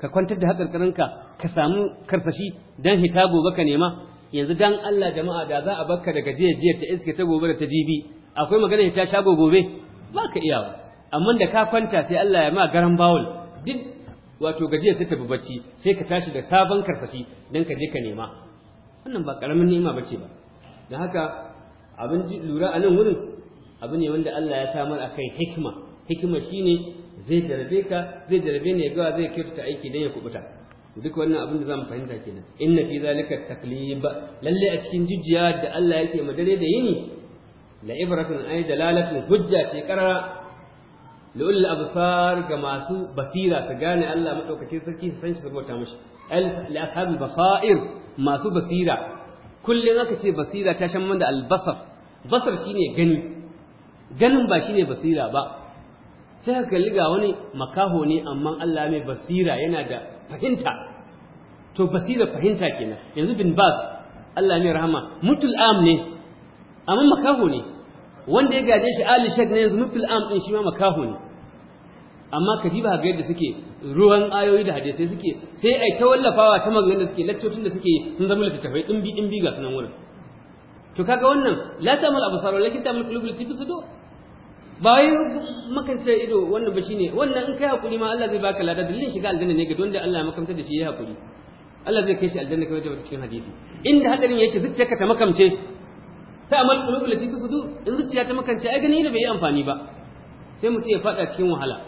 ka kwantar da hakarkarinka ka samu karsashi dan hitabo baka ka nema yanzu dan Allah jama'a da za a bakka daga jiya jiya ta iske ta gobe da ta jibi akwai magana ta shago gobe ba ka iya ba. amma da ka kwanta sai Allah ya ma garan bawul duk wato gajiyar ta tafi bacci sai ka tashi da sabon karfashi don ka je ka nema wannan ba karamin nema bace ba don haka abin lura a nan wurin abu ne wanda Allah ya samar a kai hikima hikima shine zai jarabe ka zai jarabe ne gawa zai kirta aiki don ya kubuta duk wannan abin da zamu fahimta kenan inna fi zalika taklib lalle a cikin jijiya da Allah yake madare da yini la ibratun ay dalalatun hujja fi qarara lul absar ga masu basira su gane Allah madaukakin sarki su san shi su bauta mishi al li ashabil basair masu basira kullun aka ce basira ta shan man da albasar. basar basar shine gani ganin ba shine basira ba sai ka kalli ga wani makaho ne amma Allah mai basira yana da fahimta to basira fahimta kenan yanzu bin baz Allah mai rahama mutul am ne amma makaho ne wanda ya gaje shi Ali shak ne yanzu mutul am din shi ma makaho ne amma ka ba ga yadda suke ruwan ayoyi da hadisai suke sai ai ta wallafawa ta maganganun da suke lakcocin da suke sun zama littattafai dimbi bi ga sunan wurin to kaga wannan la ta absar walakin ta'mal qulub lati fi sudur ba wai makance ido wannan ba shine wannan in kai hakuri ma Allah zai baka lada dalilin shiga aljanna ne ga wanda Allah ya makamta da shi ya hakuri Allah zai kai shi aljanna kamar da cikin hadisi inda hadarin yake zuciyarka ta makamce ta qulub lati fi sudur in zuciya ta makance ai gani da bai yi amfani ba sai mutum ya fada cikin wahala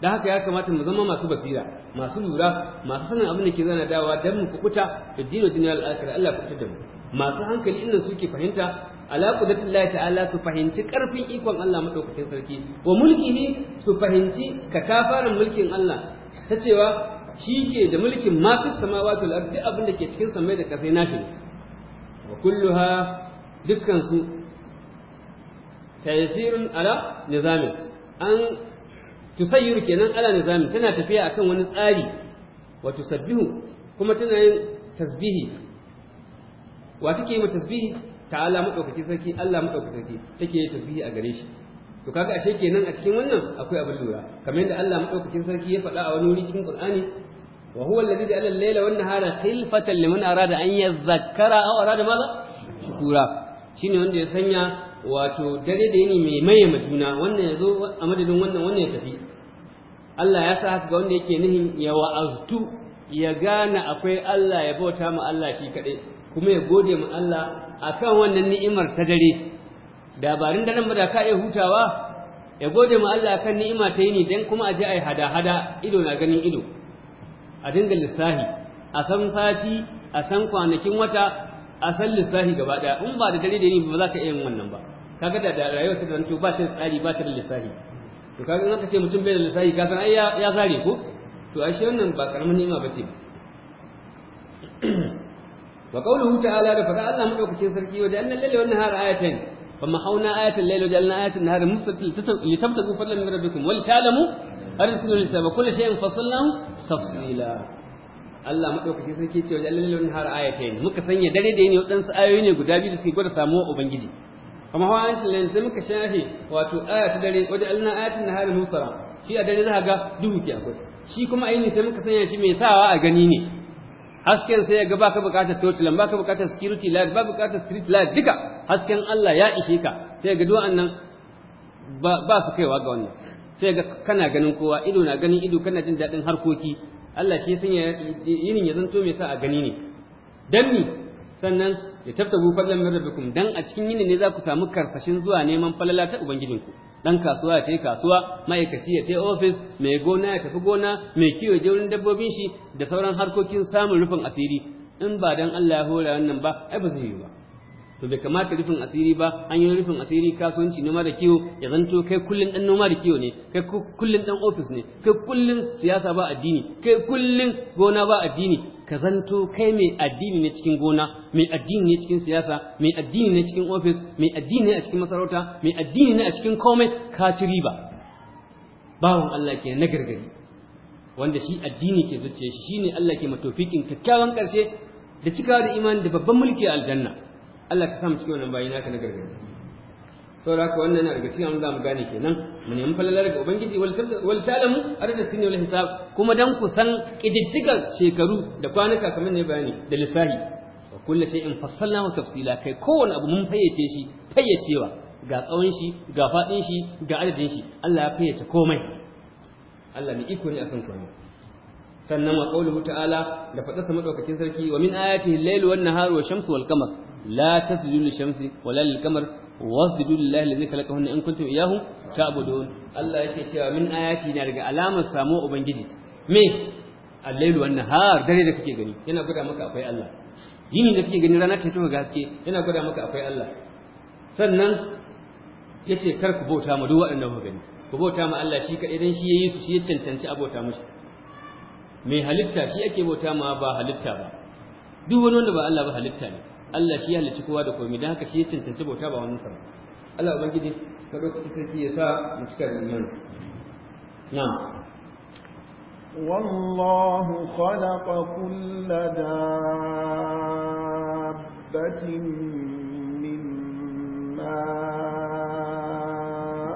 da haka ya kamata mu zama masu basira masu lura masu sanin abin da ke zana dawa dan mu kukuta da dinu dunyal akhirah Allah kukuta da mu masu hankali inda suke fahimta ala qudratillahi ta'ala su fahimci karfin ikon Allah madaukakin sarki wa mulkihi su fahimci katafaran mulkin Allah ta cewa shi ke da mulkin ma fi samawati wal ardi abin da ke cikin samai da kasai nashi wa kulluha dukkan su taysirun ala nizamin an تسير kenan ala نظام tana tafiya akan wani tsari كما تنا kuma tana yin tasbihi wa take yi tasbihi ta'ala madaukaki sarki Allah madaukaki take yi tasbihi a gare shi to kaga ashe kenan a cikin wannan akwai abin lura kamar yadda Allah madaukakin sarki ya faɗa a wani wuri cikin Qur'ani wa huwa alladhi ja'ala al-layla wan-nahara khilfatan liman arada an yadhakkara aw arada maza? shukura shine wanda ya sanya wato dare da yini mai mai majuna wannan yazo a madadin wannan wannan ya tafi Allah ya sa haka ga wanda yake nihin ya wa'aztu ya gane akwai Allah ya bauta ma Allah shi kaɗai kuma ya gode mu Allah akan wannan ni'imar ta dare dabarin da nan ba da ka iya hutawa ya gode mu Allah akan ni'ima ta yini dan kuma a ji a yi hada-hada ido na ganin ido a dinga lissahi a san fati a san kwanakin wata a san lissahi gaba ɗaya in ba da dare da yini ba za ka iya yin wannan ba kaga da rayuwar ta zanto ba ta tsari ba ta da lissahi to kaga in aka ce mutum bai da lissafi ka san ai ya sare ko to ashe wannan ba karamin ni'ima bace ba wa qawluhu ta'ala da faɗa Allah madaukakin sarki wa ja'alna al-layla wan nahara ayatan fa ma hauna ayatan al wa ja'alna ayatan an mustaqil li litabtagu fadlan min rabbikum wa lita'lamu arsalna lisaba kullu shay'in fassalnahu tafsila Allah madaukakin sarki ce wa ja'alna al-layla wan nahara ayatan muka sanya dare da yini wadansu ayoyi ne guda biyu da suke gwada samuwa ubangiji amma hawa an tilan sai muka shafe wato aya ta dare wajen alna ayatin na halin musara shi a dare za ga duhu ke akwai shi kuma aini sai muka sanya shi mai sawa a gani ne hasken sai ga baka bukatar ba baka bukatar security light ba bukatar street light duka hasken Allah ya ishe ka sai ga duwan nan ba su kaiwa ga wannan sai ga kana ganin kowa ido na ganin ido kana jin daɗin harkoki Allah shi sun yinin ya zanto mai sa a gani ne dan ni sannan ya tabtagu fadlan min rabbikum dan a cikin yini ne za ku samu karsashin zuwa neman falala ta ubangijinku dan kasuwa ya tafi kasuwa ma'aikaci ya tafi office mai gona ya tafi gona mai kiwo ya wurin dabbobin shi da sauran harkokin samun rufin asiri in ba dan Allah ya hore wannan ba ai ba zai yi ba to bai kamata rufin asiri ba an yi rufin asiri kasuwanci noma da kiwo ya zanto kai kullun dan noma da kiwo ne kai kullun dan office ne kai kullun siyasa ba addini kai kullun gona ba addini ka zanto kai mai addini ne cikin gona mai addini ne cikin siyasa mai addini ne cikin ofis mai addini ne a cikin masarauta mai addini ne a cikin komai ka ci riba bawon Allah ke na gargari wanda shi addini ke zuciya shi shine Allah ke matofikin kyakkyawan karshe da cikawa da imani da babban mulki a aljanna Allah ka sa mu cikin wannan bayina ka na gargari saboda haka wannan na daga cikin abin da mu gane kenan mu nemi falalar ga ubangiji wal talamu arda sinni wal hisab kuma dan ku san kididdigar shekaru da kwanuka kamar ne bayani da lissahi wa kullu shay'in fassalnahu tafsila kai kowane abu mun fayyace shi fayyacewa ga tsawon shi ga fadin shi ga adadin shi Allah ya fayyace komai Allah ne iko ne akan komai sannan wa qawluhu ta'ala da faɗasa madaukakin sarki wa min ayatihi al wan nahar wa shamsu wal qamar la tasjudu lishamsi wala lil qamar wasjudu lillahi allazi khalaqahun in kuntum iyyahu ta'budun Allah yake cewa min ayati na daga alamar samu ubangiji me al-lail wan nahar dare da kake gani yana gwada maka akwai Allah yini da kake gani rana ta fito gaske haske yana gwada maka akwai Allah sannan yace kar ku bauta ma duk waɗannan ku gani ku bauta ma Allah shi kaɗai dan shi yayi su shi ya cancanci abota mushi Me halitta shi ake bauta ma ba halitta ba duk wani wanda ba Allah ba halitta ne Allah shi halicci kowa da komai don haka shi ya cancanci bauta ba wani sa Allah ubangiji ka dauki sarki ya sa mu cika da imani na'am والله خلق كل دابة من ماء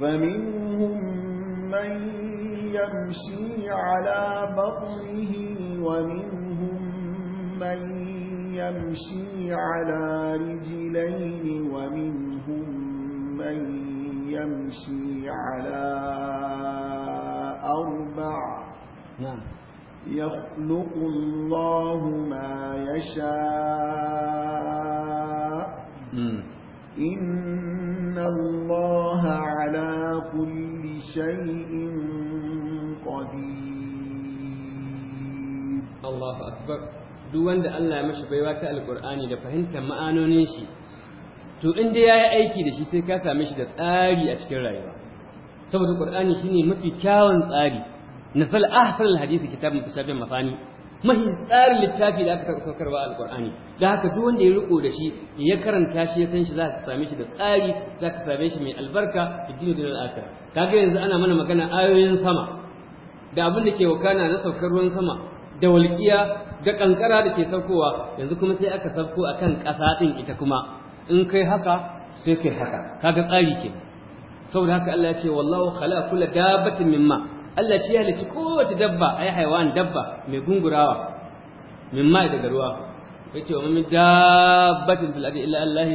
فمنهم من يمشي على بطنه ومنهم مَن يَمْشِي عَلَى رِجْلَيْنِ وَمِنْهُم مَّن يَمْشِي عَلَى أَرْبَعٍ نعم. يَخْلُقُ اللَّهُ مَا يَشَاءُ إِنَّ اللَّهَ عَلَى كُلِّ شَيْءٍ قَدِيرٌ الله أكبر duk wanda Allah ya mashi baiwa ta alkur'ani da fahimtar ma'anonin shi to in dai yayi aiki da shi sai ka same shi da tsari a cikin rayuwa saboda qur'ani shine mafi kyawun tsari nasal ahsan hadisi kitab mutashabih mafani mahi tsarin littafi da aka taɓa saukarwa alkur'ani da haka duk wanda ya riko da shi ya karanta shi ya san shi za ka same shi da tsari za ka same shi mai albarka da dinu da al'akar kaga yanzu ana mana magana ayoyin sama da abin da ke wakana na saukar ruwan sama da walƙiya ga kankara da ke saukowa yanzu kuma sai aka sauko akan ƙasa ɗin ita kuma in kai haka sai kai haka kaga tsari ke saboda haka Allah ya ce wallahu khalaqa kula dabbatin mimma Allah ya halicci kowace dabba ai haiwan dabba mai gungurawa mimma daga ruwa ce wa min dabbatin fil ardi illa Allah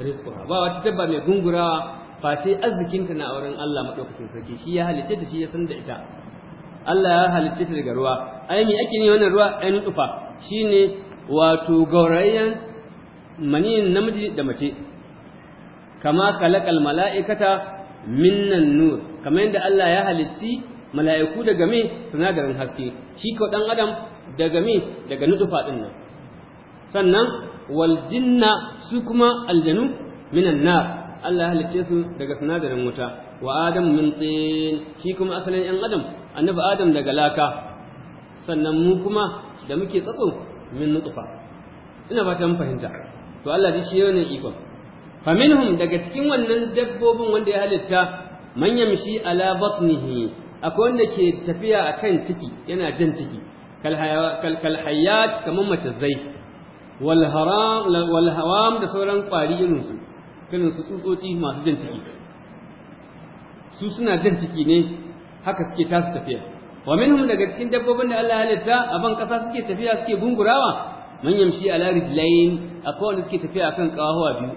rizquha ba wata dabba mai gungurawa face arzikinta na auren Allah madaukakin sarki shi ya halice ta shi ya san da ita Allah ya halicce ta daga ruwa ai me ake ne wannan ruwa ai Shi shine wato gaurayen maniyin namiji da mace kama kalakal mala'ikata minnan nur kamar yadda Allah ya halicci mala'iku daga me sinadarin haske shi ko dan adam daga me daga nutufa din nan sannan wal jinna su kuma aljanu minan nar Allah ya halicce su daga sinadarin wuta wa adam min tin shi kuma asalin yan adam annabi adam daga laka sannan mu kuma da muke tsatso min nutfa ina fata mun fahimta to Allah shi yana ikon fa minhum daga cikin wannan dabbobin wanda ya halitta man yamshi ala batnihi akwai wanda ke tafiya akan ciki yana jan ciki kal hayyat kamar mace zai wal haram wal hawam da sauran kwari irin su irin su tsutsotsi masu jan ciki su suna jan ciki ne haka suke tasu tafiya wa minhum daga cikin dabbobin da Allah halitta a ban kasa suke tafiya suke gungurawa man yamshi ala rijlain akwai wanda suke tafiya akan kawawa biyu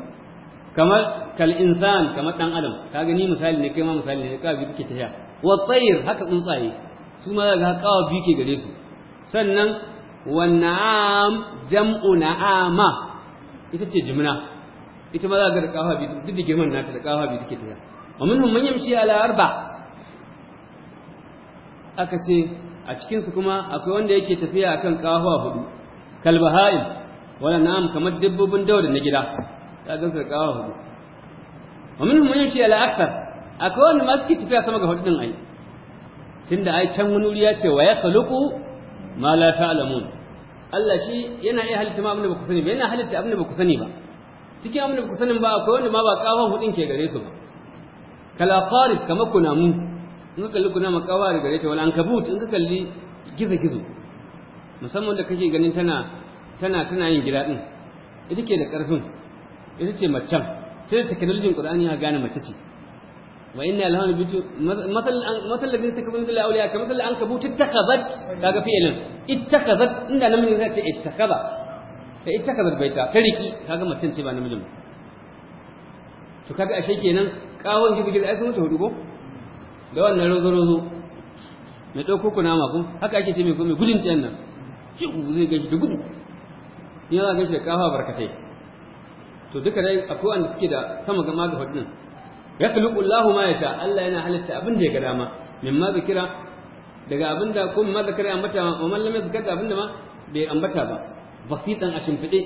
kamar kal insan kamar dan adam ka gani misali ne kai ma misali ne ka biyu suke tafiya wa tsayir haka tsuntsaye su ma daga kawawa biyu ke gare su sannan wa na'am jam'u na'ama ita ce jimna ita ma za ga da biyu duk da girman nata da kawawa biyu take tafiya ومنهم من يمشي على أربع arba aka ce a cikin تفيا kuma akwai wanda yake tafiya akan كما hudu بن دور النجرة kamar dabbobin dauda na gida ta ga kahuwa hudu wa minhum man yamshi ala akthar akwai wanda ma tafiya sama ga hudu Allah shi yana iya halitta ma abin da ba ku sani ba yana halitta abin da ba ku sani ba cikin abin da ba ku sani ba akwai wanda ma ba kafan hudin ke gare su ba kalaqarib kamar kunamu in ka kalli kunama kawari gare ta wal ankabut in ka kalli gizo gizo musamman da kake ganin tana tana tana yin gida din ita ke da karfin ita ce macen sai da teknolojin qur'ani ya gane mace ce wa inna alhamdu bitu matal matal ladin takabun lil awliya kamar matal ankabut ittakhazat kaga fi'ilin ittakhazat inda namiji zai ce ittakaza fa ittakaza baita ta riki kaga mace ce ba namijin to kaga ashe kenan kawon gizo-gizo ai sun mutu hudu ko da wannan rozo-rozo mai ɗauko ma ko haka ake ce mai kuma gudun ciyan nan shi zai gashi da gudu ni yana gashi da kafa barkatai to duka dai akwai wanda suke da sama maga hudu hudun ya kaluku Allahu ma ya ta Allah yana halitta abin da ya ga dama min ma zikira daga abin da ko min ma zikira ya ambata ma man lam yazkar abin da ma bai ambata ba basitan a shimfiɗe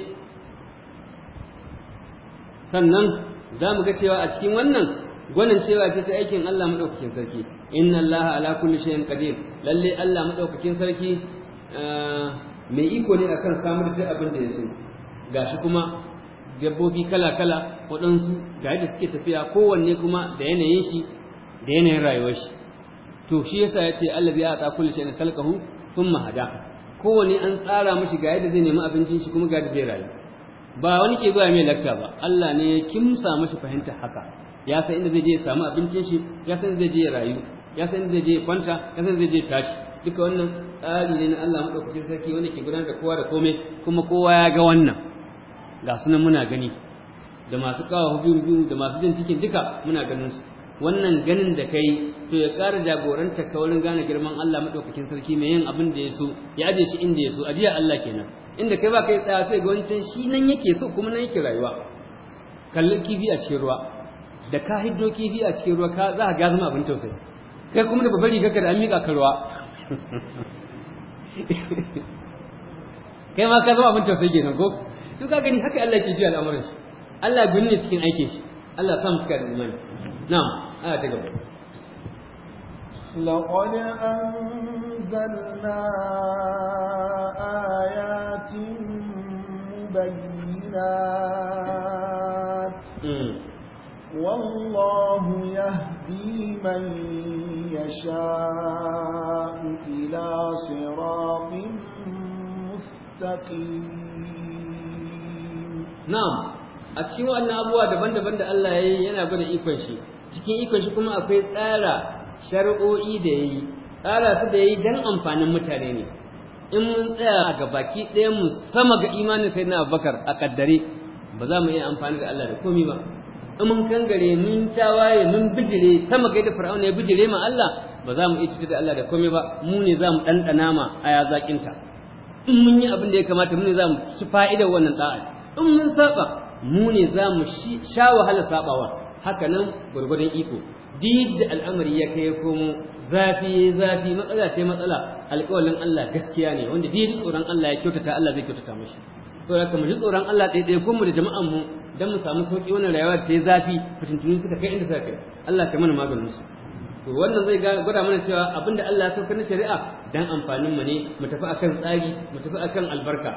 sannan za mu ga cewa a cikin wannan gwanin cewa ce ta aikin Allah maɗaukakin sarki inna Allah ala kulli shay'in qadir lalle Allah maɗaukakin sarki ah, mai iko ne akan samar da abin da ya so gashi kuma dabbobi kala kala waɗansu ga yadda suke tafiya kowanne kuma da yanayin shi da yanayin rayuwar shi to shi yasa ya ce Allah ya ta kulli shay'in khalqahu thumma hada kowanne an tsara mashi ga yadda zai nemi abincin shi kuma ga yadda zai rayu ba wani ke zuwa mai lakta ba Allah ne ya kimsa mashi fahimta haka ya san inda zai je ya samu abincin shi ya san zai je ya rayu ya san zai je ya kwanta ya san zai je ya tashi duka wannan tsari ne na Allah madaukakin sarki wanda ke gudanar da kowa da komai kuma kowa ya ga wannan ga sunan muna gani da masu kawo biyu da masu jin cikin duka muna ganin su wannan ganin da kai to ya ƙara jagoranta ka wurin gane girman Allah madaukakin sarki mai yin abin da ya so ya aje shi inda ya so ajiya Allah kenan inda kai ba kai tsaya sai ga wancan shi nan yake so kuma nan yake rayuwa kalli kifi a cikin ruwa da ka hiddo kifi a cikin ruwa ka za ka ga zama abin tausayi kai kuma da babari rigar da an miƙa ka ruwa kai ma ka zama abin tausayi nan ko to ka gani haka Allah ke ji al'amuran shi Allah ne cikin aikin shi Allah sa mu cika da imani na'am aya ta gaba لقد أنزلنا آيات مبينات والله يهدي من يشاء إلى صراط مستقيم نعم a cikin wannan abubuwa daban-daban da Allah ya yi yana gwada ikon shi cikin ikon shi kuma akwai tsara shari'o'i da ya yi tsara su da ya yi don amfanin mutane ne in mun tsaya ga baki ɗaya mu sama ga imanin sai na abubakar a kaddare ba za mu iya amfani da Allah da komi ba mun kangare mun tawaye mun bijire sama kai da fir'auna ya bijire ma Allah ba za mu yi cuta da Allah da komai ba mu ne za mu ɗanɗana ma aya zaƙinta in mun yi abin da ya kamata mu ne za mu ci fa'ida wannan da'a in mun saba mu ne za mu sha wahala sabawa haka nan gwargwadon iko Did da al'amari ya kai komo zafi zafi matsala sai matsala alƙawalin Allah gaskiya ne wanda did tsoron Allah ya kyautata Allah zai kyautata mashi to haka mu ji tsoron Allah ɗaiɗai ko kuma da jama'an mu dan mu samu sauki wannan rayuwa ta yi zafi fitintunu suka kai inda suka kai Allah ka mana maganin su to wannan zai gwada mana cewa abinda Allah ya saukar na shari'a dan amfanin mu ne mu tafi akan tsari mu tafi akan albarka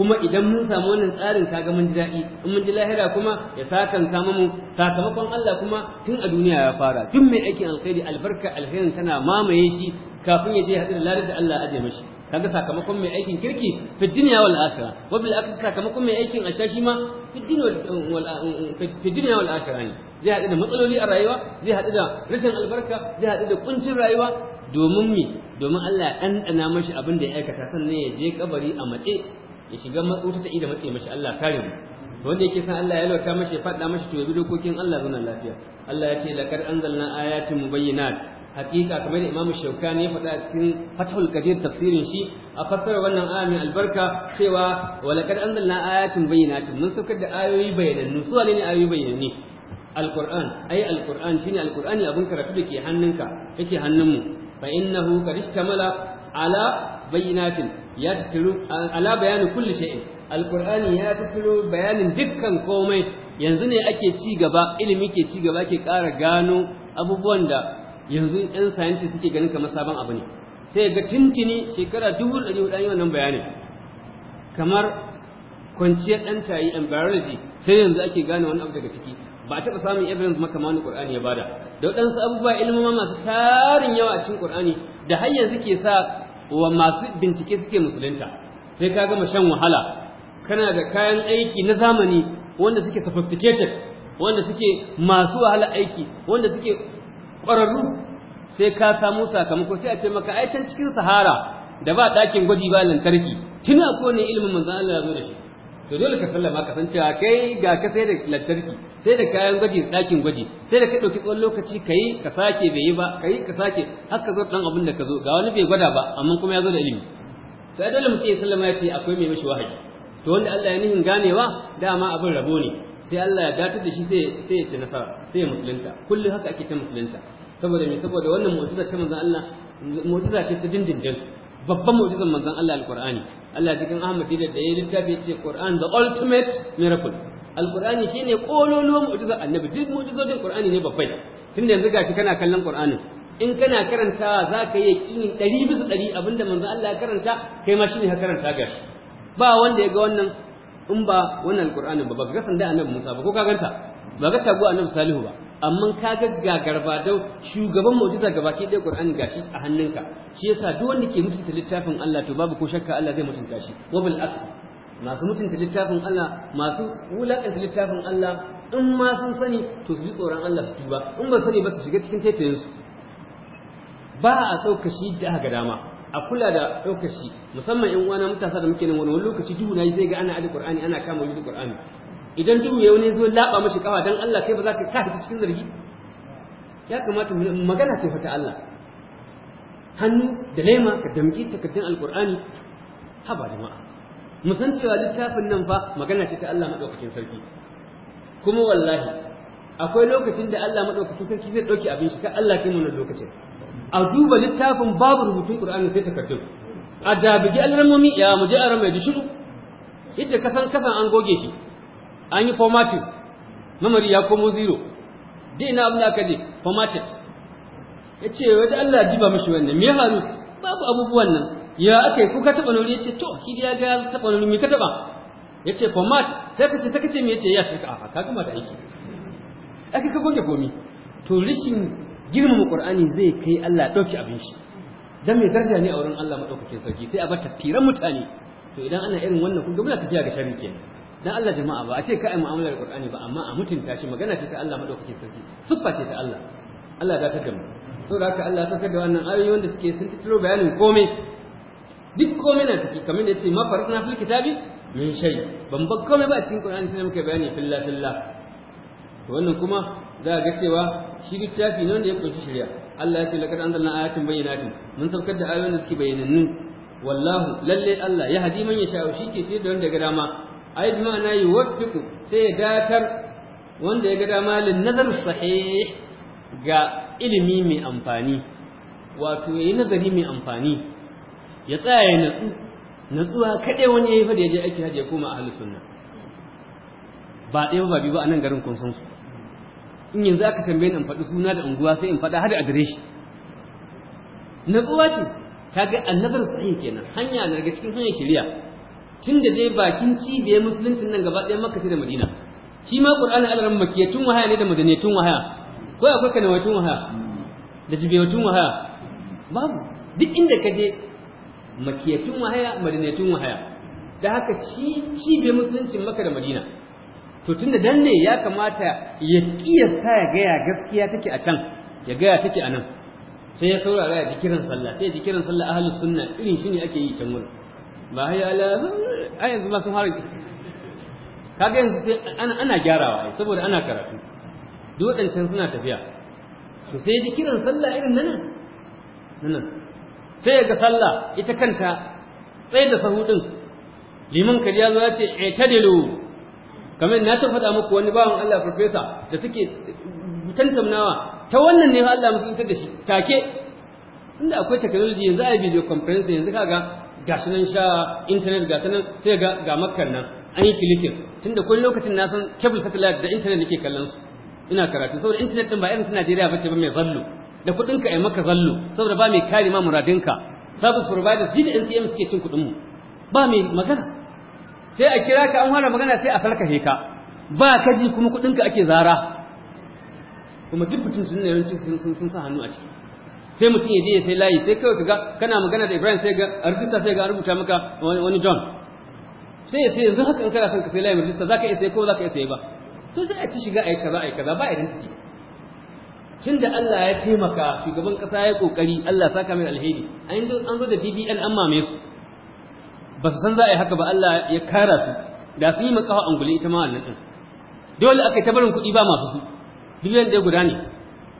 kuma idan mun samu wannan tsarin kaga mun ji daɗi in mun ji lahira kuma ya sakan kama mu sakamakon Allah kuma tun a duniya ya fara tun mai aikin alkhairi albarka alkhairin tana mamaye shi kafin ya je hadin lalata da Allah aje mashi kaga sakamakon mai aikin kirki fi dunya wal akhirah wa bil akhirah sakamakon mai aikin asha shi ma fi dunya wal akhirah ne zai haɗu da matsaloli a rayuwa zai haɗu da rashin albarka zai haɗu da kuncin rayuwa domin mi domin Allah ya ɗanɗana mashi abin da ya aikata sannan ya je kabari a mace, ya shiga wuta ta ida mace mashi Allah kare mu wanda yake san Allah ya lauta mashi ya faɗa mashi to ya bi dokokin Allah zuna lafiya Allah ya ce laqad anzalna ayatin mubayyinat haƙiƙa kamar da imamu shaukani ya faɗa a cikin fathul kadir tafsirin shi a fassara wannan aya mai albarka cewa walaqad anzalna ayatin bayyinatin mun saukar da ayoyi bayyanannu su ne ayoyi bayyananne alquran ai alquran shine alqurani abun karatu da ke hannunka yake hannunmu fa innahu qad ishtamala ala bayyinatin ya tattaru ala bayani kulli shay'in alqurani ya tattaru bayanin dukkan komai yanzu ne ake ci gaba ilimi ke ci gaba ke ƙara gano abubuwan da yanzu ɗan sayanci suke ganin kamar sabon abu ne sai ga tintini shekara dubu ɗari hudu yi wannan bayanin kamar kwanciyar ɗan tayi and biology sai yanzu ake gane wani abu daga ciki ba a taɓa samun evidence maka ma wani ƙur'ani ya bada da waɗansu abubuwa ilmama masu tarin yawa a cikin ƙur'ani da har yanzu ke sa wa masu bincike suke musulunta sai ka gama shan wahala kana da kayan aiki na zamani wanda suke sophisticated wanda suke masu wahala aiki wanda suke ƙwararru sai ka samu sakamako sai a ce maka ai cikin sahara da ba ɗakin gwaji ba lantarki tuna ko ne ilimin manzo Allah ya zo da shi to dole ka sallama ka san kai ga ka sai da lantarki sai da kayan gwaji da ɗakin gwaji sai da ka ɗauki tsawon lokaci ka yi ka sake bai yi ba ka yi ka sake har ka zo ɗan abin da ka zo ga wani bai gwada ba amma kuma ya zo da ilimi sai dole mutum ya sallama ya ce akwai mai mashi wahayi to wanda Allah ya nihin ganewa dama abin rabo ne sai Allah ya datar da shi sai ya ci nasara sai ya musulunta kullum haka ake ta musulunta saboda me saboda wannan mu'jiza ta manzon Allah mu'jiza ce ta dindindin babban mu'jizan manzon Allah alqur'ani Allah cikin Ahmad da da ya littafi ya ce Qur'an the ultimate miracle alqur'ani shine kololuwar mu'jiza annabi duk mu'jizojin Qur'ani ne babbai tunda yanzu gashi kana kallon Qur'anin in kana karantawa za ka yi yaƙinin ɗari bisa ɗari abinda manzo Allah ya karanta kai ma shine ka karanta gashi ba wanda ya ga wannan in ba wannan alqur'anin ba ba ga sanda annabi Musa ba ko ka ganta ba ga tagu annabi Salihu ba amma ka ga gagarba da shugaban mu'jiza gabaki ɗaya Qur'ani gashi a hannunka shi yasa duk wanda ke mutunta littafin Allah to babu ko shakka Allah zai mutunta shi wa bil masu mutunta littafin Allah masu wulakanta littafin Allah in ma sun sani to su bi tsoron Allah su tuba in ba sani ba su shiga cikin su ba a sauka shi da haka dama a kula da lokaci musamman in wani mutasa da muke nan wani lokaci duhu na zai ga ana adi qur'ani ana kama yi qur'ani idan duhu ya wani zo laba mashi kafa dan Allah kai ba za ka kasa cikin zargi ya kamata magana ce fata Allah hannu da laima ka damki takardun alqur'ani haba jama'a mu cewa littafin nan fa magana ce ta Allah madaukakin sarki kuma wallahi akwai lokacin da Allah madaukakin sarki zai dauki abin shi ka Allah kai mu lokacin a duba littafin babu rubutun ƙur'ani sai takardun a dabigi alramomi ya muje a ramai mai shiru yadda kasan kasan an goge shi an yi formatting memory ya komo zero dai ina abin da aka je formatted ya ce wata Allah diba mashi wannan me haru babu abubuwan nan ya aka yi kuka taɓa nuri ya ce to shi ya ga taɓa nuri me ka taɓa ya ce format sai ka ce ta kace me ya ce ya ce ka ka gama da aiki aka ka goge komi to rishin girmama qur'ani zai kai Allah dauki abin shi dan mai daraja ne a wurin Allah madaukakin sarki sai a bar tattiran mutane to idan ana irin wannan kun ga muna tafiya ga sharri kenan dan Allah jama'a ba a ce ka mu'amalar qur'ani ba amma a mutunta shi magana ce ta Allah madaukakin sarki suffa ce ta Allah Allah da ta da mu saboda haka Allah ta dakatar da wannan ayoyi wanda suke sun tattaro bayanin komai duk komai na ciki kamar da yace ma farqna fil kitabi min shay ban ba komai ba a cikin qur'ani sai muka bayani filla filla to wannan kuma za ga cewa shi littafi ne wanda ya kunshi shari'a Allah ya ce laqad anzalna ayatin bayyinatin mun saukar da ayoyin da suke bayyanannu wallahu lalle Allah ya hadi man yasha shi ke sai da wanda ga dama ai na yi yuwaffiqu sai ya datar wanda ya ga dama lin nazar sahih ga ilimi mai amfani wato yayi nazari mai amfani ya tsaya ya natsu natsuwa kadai wani yayi fa da yaje aiki hajji ya koma ahlus sunna ba ɗaya ba biyu ba a nan garin kun san su in yanzu aka tambaye ni in faɗi suna da unguwa sai in faɗa har gare shi. natsuwa ce ta ga annabar sahih kenan hanya na daga cikin hanyar shari'a tun da dai bakin cibiyar musuluncin nan gaba ɗaya makka da madina shi ma qur'ani alaran makiyatun wahaya ne da madaniyatun wahaya ko akwai kanawatun wahaya da jibiyatun wahaya babu duk inda ka je makiyatun wahaya madaniyatun wahaya da haka cibiyar musuluncin makka da madina to tunda dan ne ya kamata ya kiyasta ya gaya gaskiya take a can ya gaya take a nan sai ya saurara ya ji kiran sallah sai ya ji kiran sallah ahlus sunna irin shi ne ake yi can wurin ba hayya ala ai yanzu ma sun fara kaga yanzu sai ana ana gyarawa ai saboda ana karatu duk wadancan suna tafiya to sai ya ji kiran sallah irin nan nan sai ya ga sallah ita kanta tsaye da sahu liman kariya zo ya ce etadilu kamar na ta faɗa muku wani bawan Allah farfesa da suke tantamnawa ta wannan ne Allah ta da shi take inda akwai technology yanzu a video conference yanzu kaga gashi nan sha internet gashi nan sai ga ga makkan nan an yi kilikin tunda kun lokacin na san cable satellite da internet nake kallon su ina karatu saboda internet din ba irin su Najeriya ce ba mai zallo da kudin ka ai maka zallo saboda ba mai kare ma muradinka service providers ji da NCM suke cin kudin mu ba mai magana sai a kira ka an fara magana sai a farkafe ka ba ka ji kuma kuɗinka ake zara kuma duk mutum sun ne yawanci sun sun sa hannu a ciki sai mutum ya je ya sai layi sai kawai kaga kana magana da Ibrahim sai ga a rijista sai ga an rubuta maka wani John sai ya sai yanzu haka in kana son ka sai layi za zaka iya sai ko zaka iya sai ba to sai a ci shiga ayi kaza ayi kaza ba identity tun da Allah ya taimaka shugaban kasa ya kokari Allah saka mai alheri an zo da BBN an mame su ba su san za a yi haka ba Allah ya kara su da su yi makawa angule ita ma wannan din dole aka yi ta barin kuɗi ba masu su biliyan ɗaya guda ne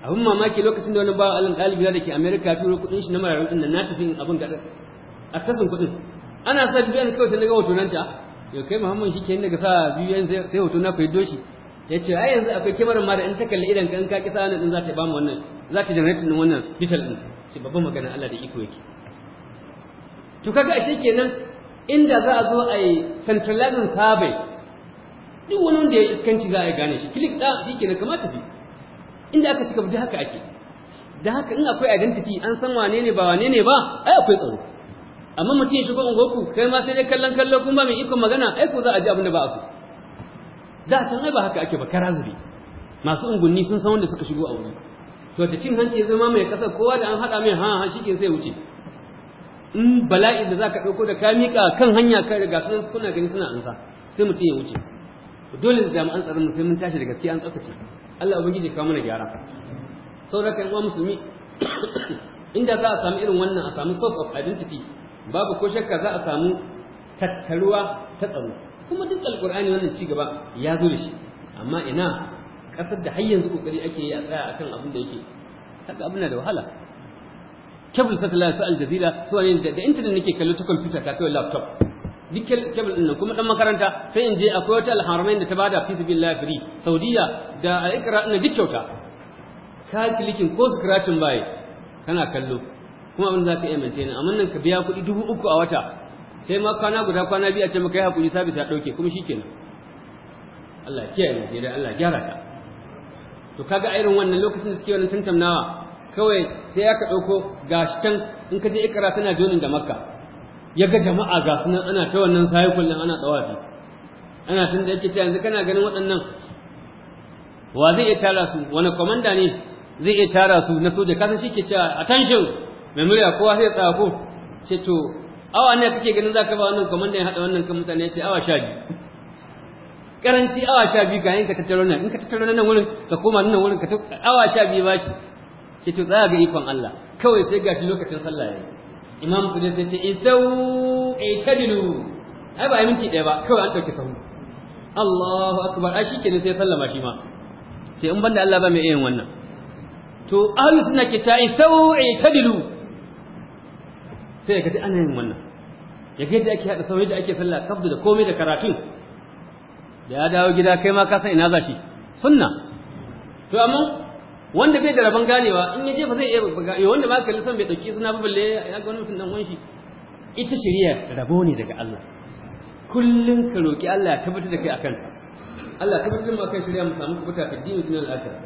abin mamaki lokacin da wani ba Allah ɗalibi da ke Amerika ya turo kuɗin shi na mararun ɗin nan na tafi abin A aksasin kuɗin ana sa biliyan kawai sai na ga hotunan ta yau kai Muhammad shi ke daga sa biliyan sai hoto na yi doshi ya ce ai yanzu akwai kemarin ma da in ta kalli idan ka ka kisa wannan ɗin za ta ba mu wannan za ta generate ɗin wannan digital ɗin shi babban magana Allah da iko yake to kaga ashe kenan inda za a zo a yi centralizing survey duk wani wanda ya iskanci za a yi gane shi click da shi na kamata tafi inda aka cika duk haka ake da haka in akwai identity an san wane ne ba wane ne ba ai akwai tsaro amma mutum ya shigo goku kai ma sai dai kallon kallo kuma mai ikon magana ai ko za a ji abin da ba a so da can ai ba haka ake ba kara zube masu ungunni sun san wanda suka shigo a wuri to da cin hanci zama mai kasar kowa da an haɗa mai ha ha shi sai wuce in bala'i da za ka ɗauko da ka miƙa kan hanya ka riga sun suna gani suna ansa sai mutum ya wuce dole da jami'an tsaron mu sai mun tashi da an tsaftace Allah ubangiji kawo mana gyara saboda kan uwa musulmi inda za a samu irin wannan a samu source of identity babu ko shakka za a samu tattaruwa ta tsaro kuma duk alkur'ani wannan ci gaba ya zo da shi amma ina kasar da har yanzu kokari ake yi a tsaya akan abin da yake haka abin da wahala kebul satellite su aljazira su wani da intanet nake kallo ta kwamfuta ta kai laptop duk kebul din kuma dan makaranta sai in je akwai wata alharamain da ta bada fi sabilillah free saudiya da al-iqra ina duk kyauta ka klikin ko scratching bai kana kallo kuma abin zaka iya maintain amma nan ka biya kuɗi dubu uku a wata sai ma kwana guda kwana biyu a ce maka yi hakuri sabis ya dauke kuma shikenan Allah ya kiyaye Najeriya Allah ya gyara ka. to kaga irin wannan lokacin da suke wannan tantamnawa kawai sai ya ka ɗauko gashi can in ka je ikra tana jonin da makka ya ga jama'a ga sunan ana ta wannan sayi kullum ana tsawafi ana tun da yake cewa yanzu kana ganin waɗannan wa zai iya tara su wani komanda ne zai iya tara su na soja kasan shi ke cewa attention mai murya kowa sai tsaya ko ce to awa ne kake ganin za ka ba wannan komanda ya haɗa wannan kan mutane ya ce awa sha biyu karanci awa sha biyu ga yanka tattaro nan in ka tattaro nan wurin ka koma nan wurin ka awa sha biyu ba shi ke to tsaya ga ikon Allah kawai sai gashi lokacin sallah yayi imam sudai sai ce isau tadilu ai ba minti ɗaya ba kawai an ɗauki sahu Allahu akbar ai ne sai sallama shi ma sai in banda Allah ba mai yin wannan to ahlus sunna ke ta isau tadilu sai ka ji ana yin wannan ya ga yadda ake haɗa sahu da ake sallah kabdu da komai da karatun da ya dawo gida kai ma ka san ina za shi sunna to amma wanda bai da rabon ganewa in ya jefa zai iya ganewa wanda ba kalli san bai dauki suna ba balle ya ga wani mutum dan wanshi ita shari'a rabo ne daga Allah kullun ka roki Allah ya tabbatar da kai akan Allah tabbatar da kai shari'a mu samu kubuta fi dinin dunyal akhirah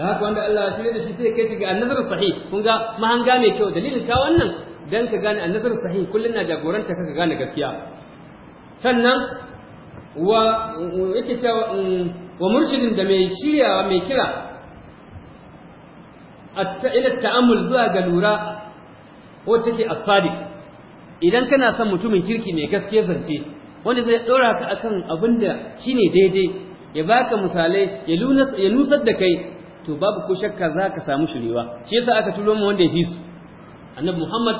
da haka wanda Allah ya shirya da shi sai kai shi ga annazar sahih kun ga mahanga mai kyau dalilin ka wannan dan ka gane annazar sahih kullun na jagoranta ka gane gaskiya sannan wa yake cewa mm, wa murshidin da mai shiryawa mai kira ila ta'ammul zuwa ga lura ko take asadi idan kana son mutumin kirki mai gaskiya zance wanda zai dora ka akan abin da shine daidai ya baka misalai ya nusar da kai to babu ko shakka za ka samu shirewa shi yasa aka turo mu wanda ya fi su annabi muhammad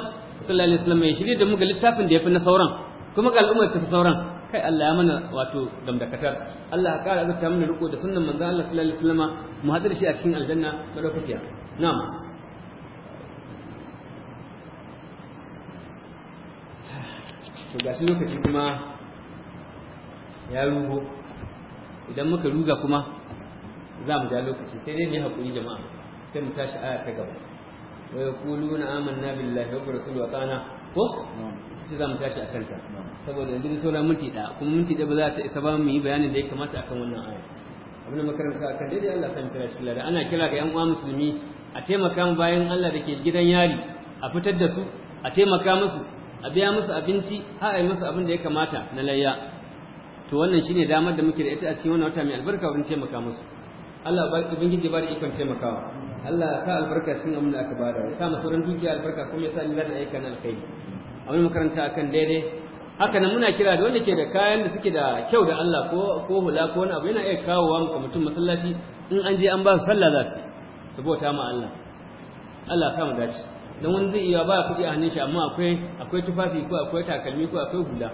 sallallahu alaihi wasallam ya shirye da mu ga littafin da ya fi na sauran kuma ga al'ummar ta fi sauran kai Allah ya mana wato gamdakatar Allah ya kara azurta mana riko da sunnan manzo Allah sallallahu alaihi wasallam mu hadir shi a cikin aljanna madaukakiya na'am to ga shi lokaci kuma ya rugo idan muka ruga kuma za mu ja lokaci sai dai ne hakuri jama'a sai mu tashi aya ta gaba wa yaquluna amanna billahi wa rasulihi wa ta'ala ko shi za mu tashi a kanta saboda yanzu da sauran minti ɗaya kuma minti ɗaya ba za ta isa ba mu yi bayanin da ya kamata akan wannan aya abin da makaranta akan daidai Allah ta kira shi da ana kira ga yan uwa musulmi a taimaka mu bayan Allah da ke gidan yari a fitar da su a taimaka musu a biya musu abinci har a yi musu abin da ya kamata na layya to wannan shine damar da muke da ita a cikin wannan wata mai albarka wurin taimaka musu Allah ba ubangiji ba da ikon taimakawa Allah ka albarka cikin amma aka bada ya sa masoran sauran dukiya albarka kuma ya sa ni zan aika na A wani makaranta akan daidai haka nan muna kira da wanda ke da kayan da suke da kyau da Allah ko ko hula ko wani abu yana iya kawowa muka mutum masallaci in an je an ba su sallah za su su bauta ma Allah Allah sa mu dace don wani zai iya ba kuɗi a hannun shi amma akwai akwai tufafi ko akwai takalmi ko akwai hula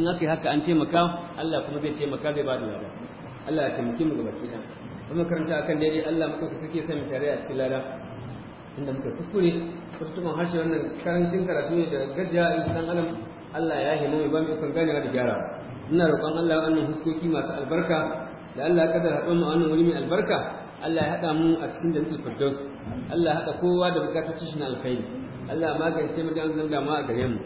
in aka yi haka an taimaka Allah kuma zai taimaka zai ba da lada Allah ya taimake mu gaba ki kuma karanta akan daidai Allah mutum kake sami tare a cikin lada inda muka kuskure kurtuman harshe wannan karancin karatu ne da gajiya in dan adam Allah ya himu mai ba mu ikon ganewa da gyara ina roƙon Allah wannan huskoki masu albarka da Allah ya kadar haɗu mu a wannan wuri mai albarka Allah ya haɗa mu a cikin da jannatul firdaus Allah ya haɗa kowa da bukatun cikin na alkhairi Allah ya magance mu da an damuwa a gare mu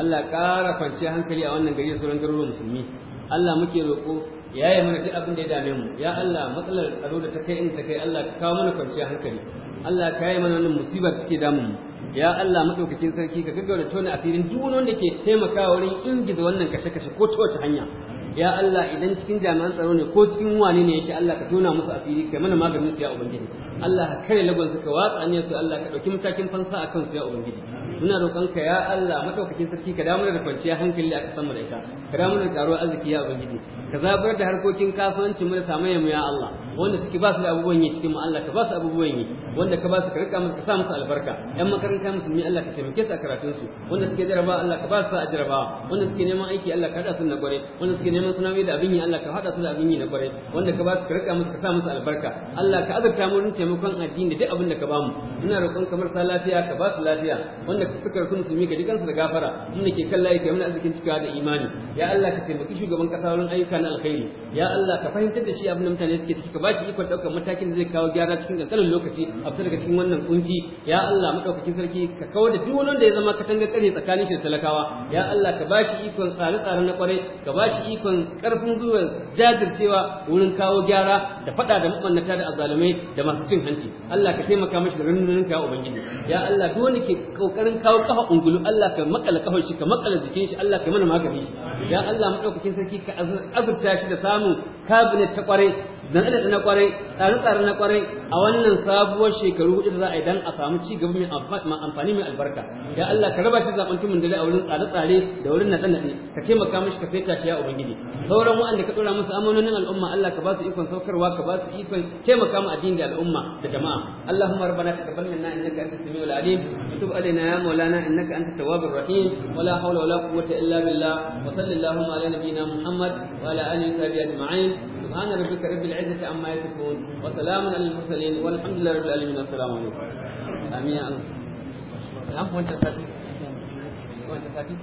Allah ya ƙara kwanciyar hankali a wannan gari da sauran garuruwan musulmi Allah muke roƙo ya yi mana duk abin da ya dame mu ya Allah matsalar tsaro da ta kai in ta kai Allah ka kawo mana kwanciyar hankali Allah ka yi mana wannan musibar take damu. mu ya Allah madaukakin sarki ka gaggauta tona asirin duk wanda ke taimakawa wurin ingiza wannan kashe-kashe ko ta wace hanya ya Allah idan cikin jami'an tsaro ne ko cikin wane ne yake Allah ka tona musu a fili kai mana maganin su ya ubangiji Allah ka kare lagon suka watsa ne su Allah ka dauki matakin fansa a kansu ya ubangiji muna roƙonka ya Allah madaukakin sarki ka damu da kwanciya hankali a kasan mu da ita ka damu da karuwar arziki ya ubangiji ka zabar da harkokin kasuwancin mu da samayya mu ya Allah wanda suke ba su da abubuwan yi cikin mu Allah ka ba su abubuwan yi wanda ka ba su ka rika musu ka sa musu albarka yan makaranta musulmi Allah ka taimake su a karatun su wanda suke jaraba Allah ka ba su a jaraba wanda suke neman aiki Allah ka hada su na gware wanda suke neman sunawi da abin yi Allah ka hada su da abin yi na gware wanda ka ba su ka rika musu ka sa musu albarka Allah ka azurta mu rinci taimakon addini duk abin da ka bamu ina roƙon kamar sa lafiya ka ba su lafiya wanda suka rasu musulmi ka jikansu da gafara inda ke kan layi ka mana arzikin cikawa da imani ya Allah ka taimaki shugaban kasa wurin ayyuka na alkhairi ya Allah ka fahimtar da shi abin da mutane suke ciki ka ba shi ikon ɗaukar matakin da zai kawo gyara cikin ƙanƙanin lokaci a fita daga cikin wannan kunci ya Allah maɗaukakin sarki ka kawar da duk wani da ya zama katanga kare tsakanin shi da talakawa ya Allah ka ba shi ikon tsare-tsare na kwarai ka ba shi ikon ƙarfin gwiwar jajircewa wurin kawo gyara da faɗa da mabannata da azzalumai da masu cin hanci Allah ka taimaka mashi da rundunar ka ya ubangiji ya Allah duk wanda ke kokarin kawo kafa ungulu Allah ka makala kafar shi ka makala jikin shi Allah ka mana magani shi ya Allah madaukakin sarki ka azurta shi da samun cabinet ta kwarai zanada na kwarai tsare-tsare na kwarai a wannan sabuwar shekaru hudu da za a yi dan a samu ci gaba mai amfani mai albarka ya Allah ka raba shi zaben tumun dare a wurin tsare-tsare da wurin nade nade ka taimaka mishi ka saita shi ya ubangiji sauran waɗanda ka dora musu amanonin al'umma Allah ka ba su ikon saukarwa ka ba su ikon taimaka mu addini da al'umma da jama'a Allahumma rabbana taqabbal minna innaka antas samiul alim tub alaina ya maulana innaka antat tawwabur rahim wala hawla wala quwwata illa billah wa sallallahu ala nabiyyina muhammad wa ala alihi wa sahbihi ajma'in سبحان ربك رب العزة عما يصفون وسلام على المرسلين والحمد لله رب العالمين والسلام عليكم آمين يا الله العفو أنت ساتي وأنت ساتي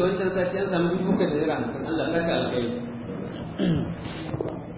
وأنت ساتي أنت مبوكة لغير عنك الله لك الخير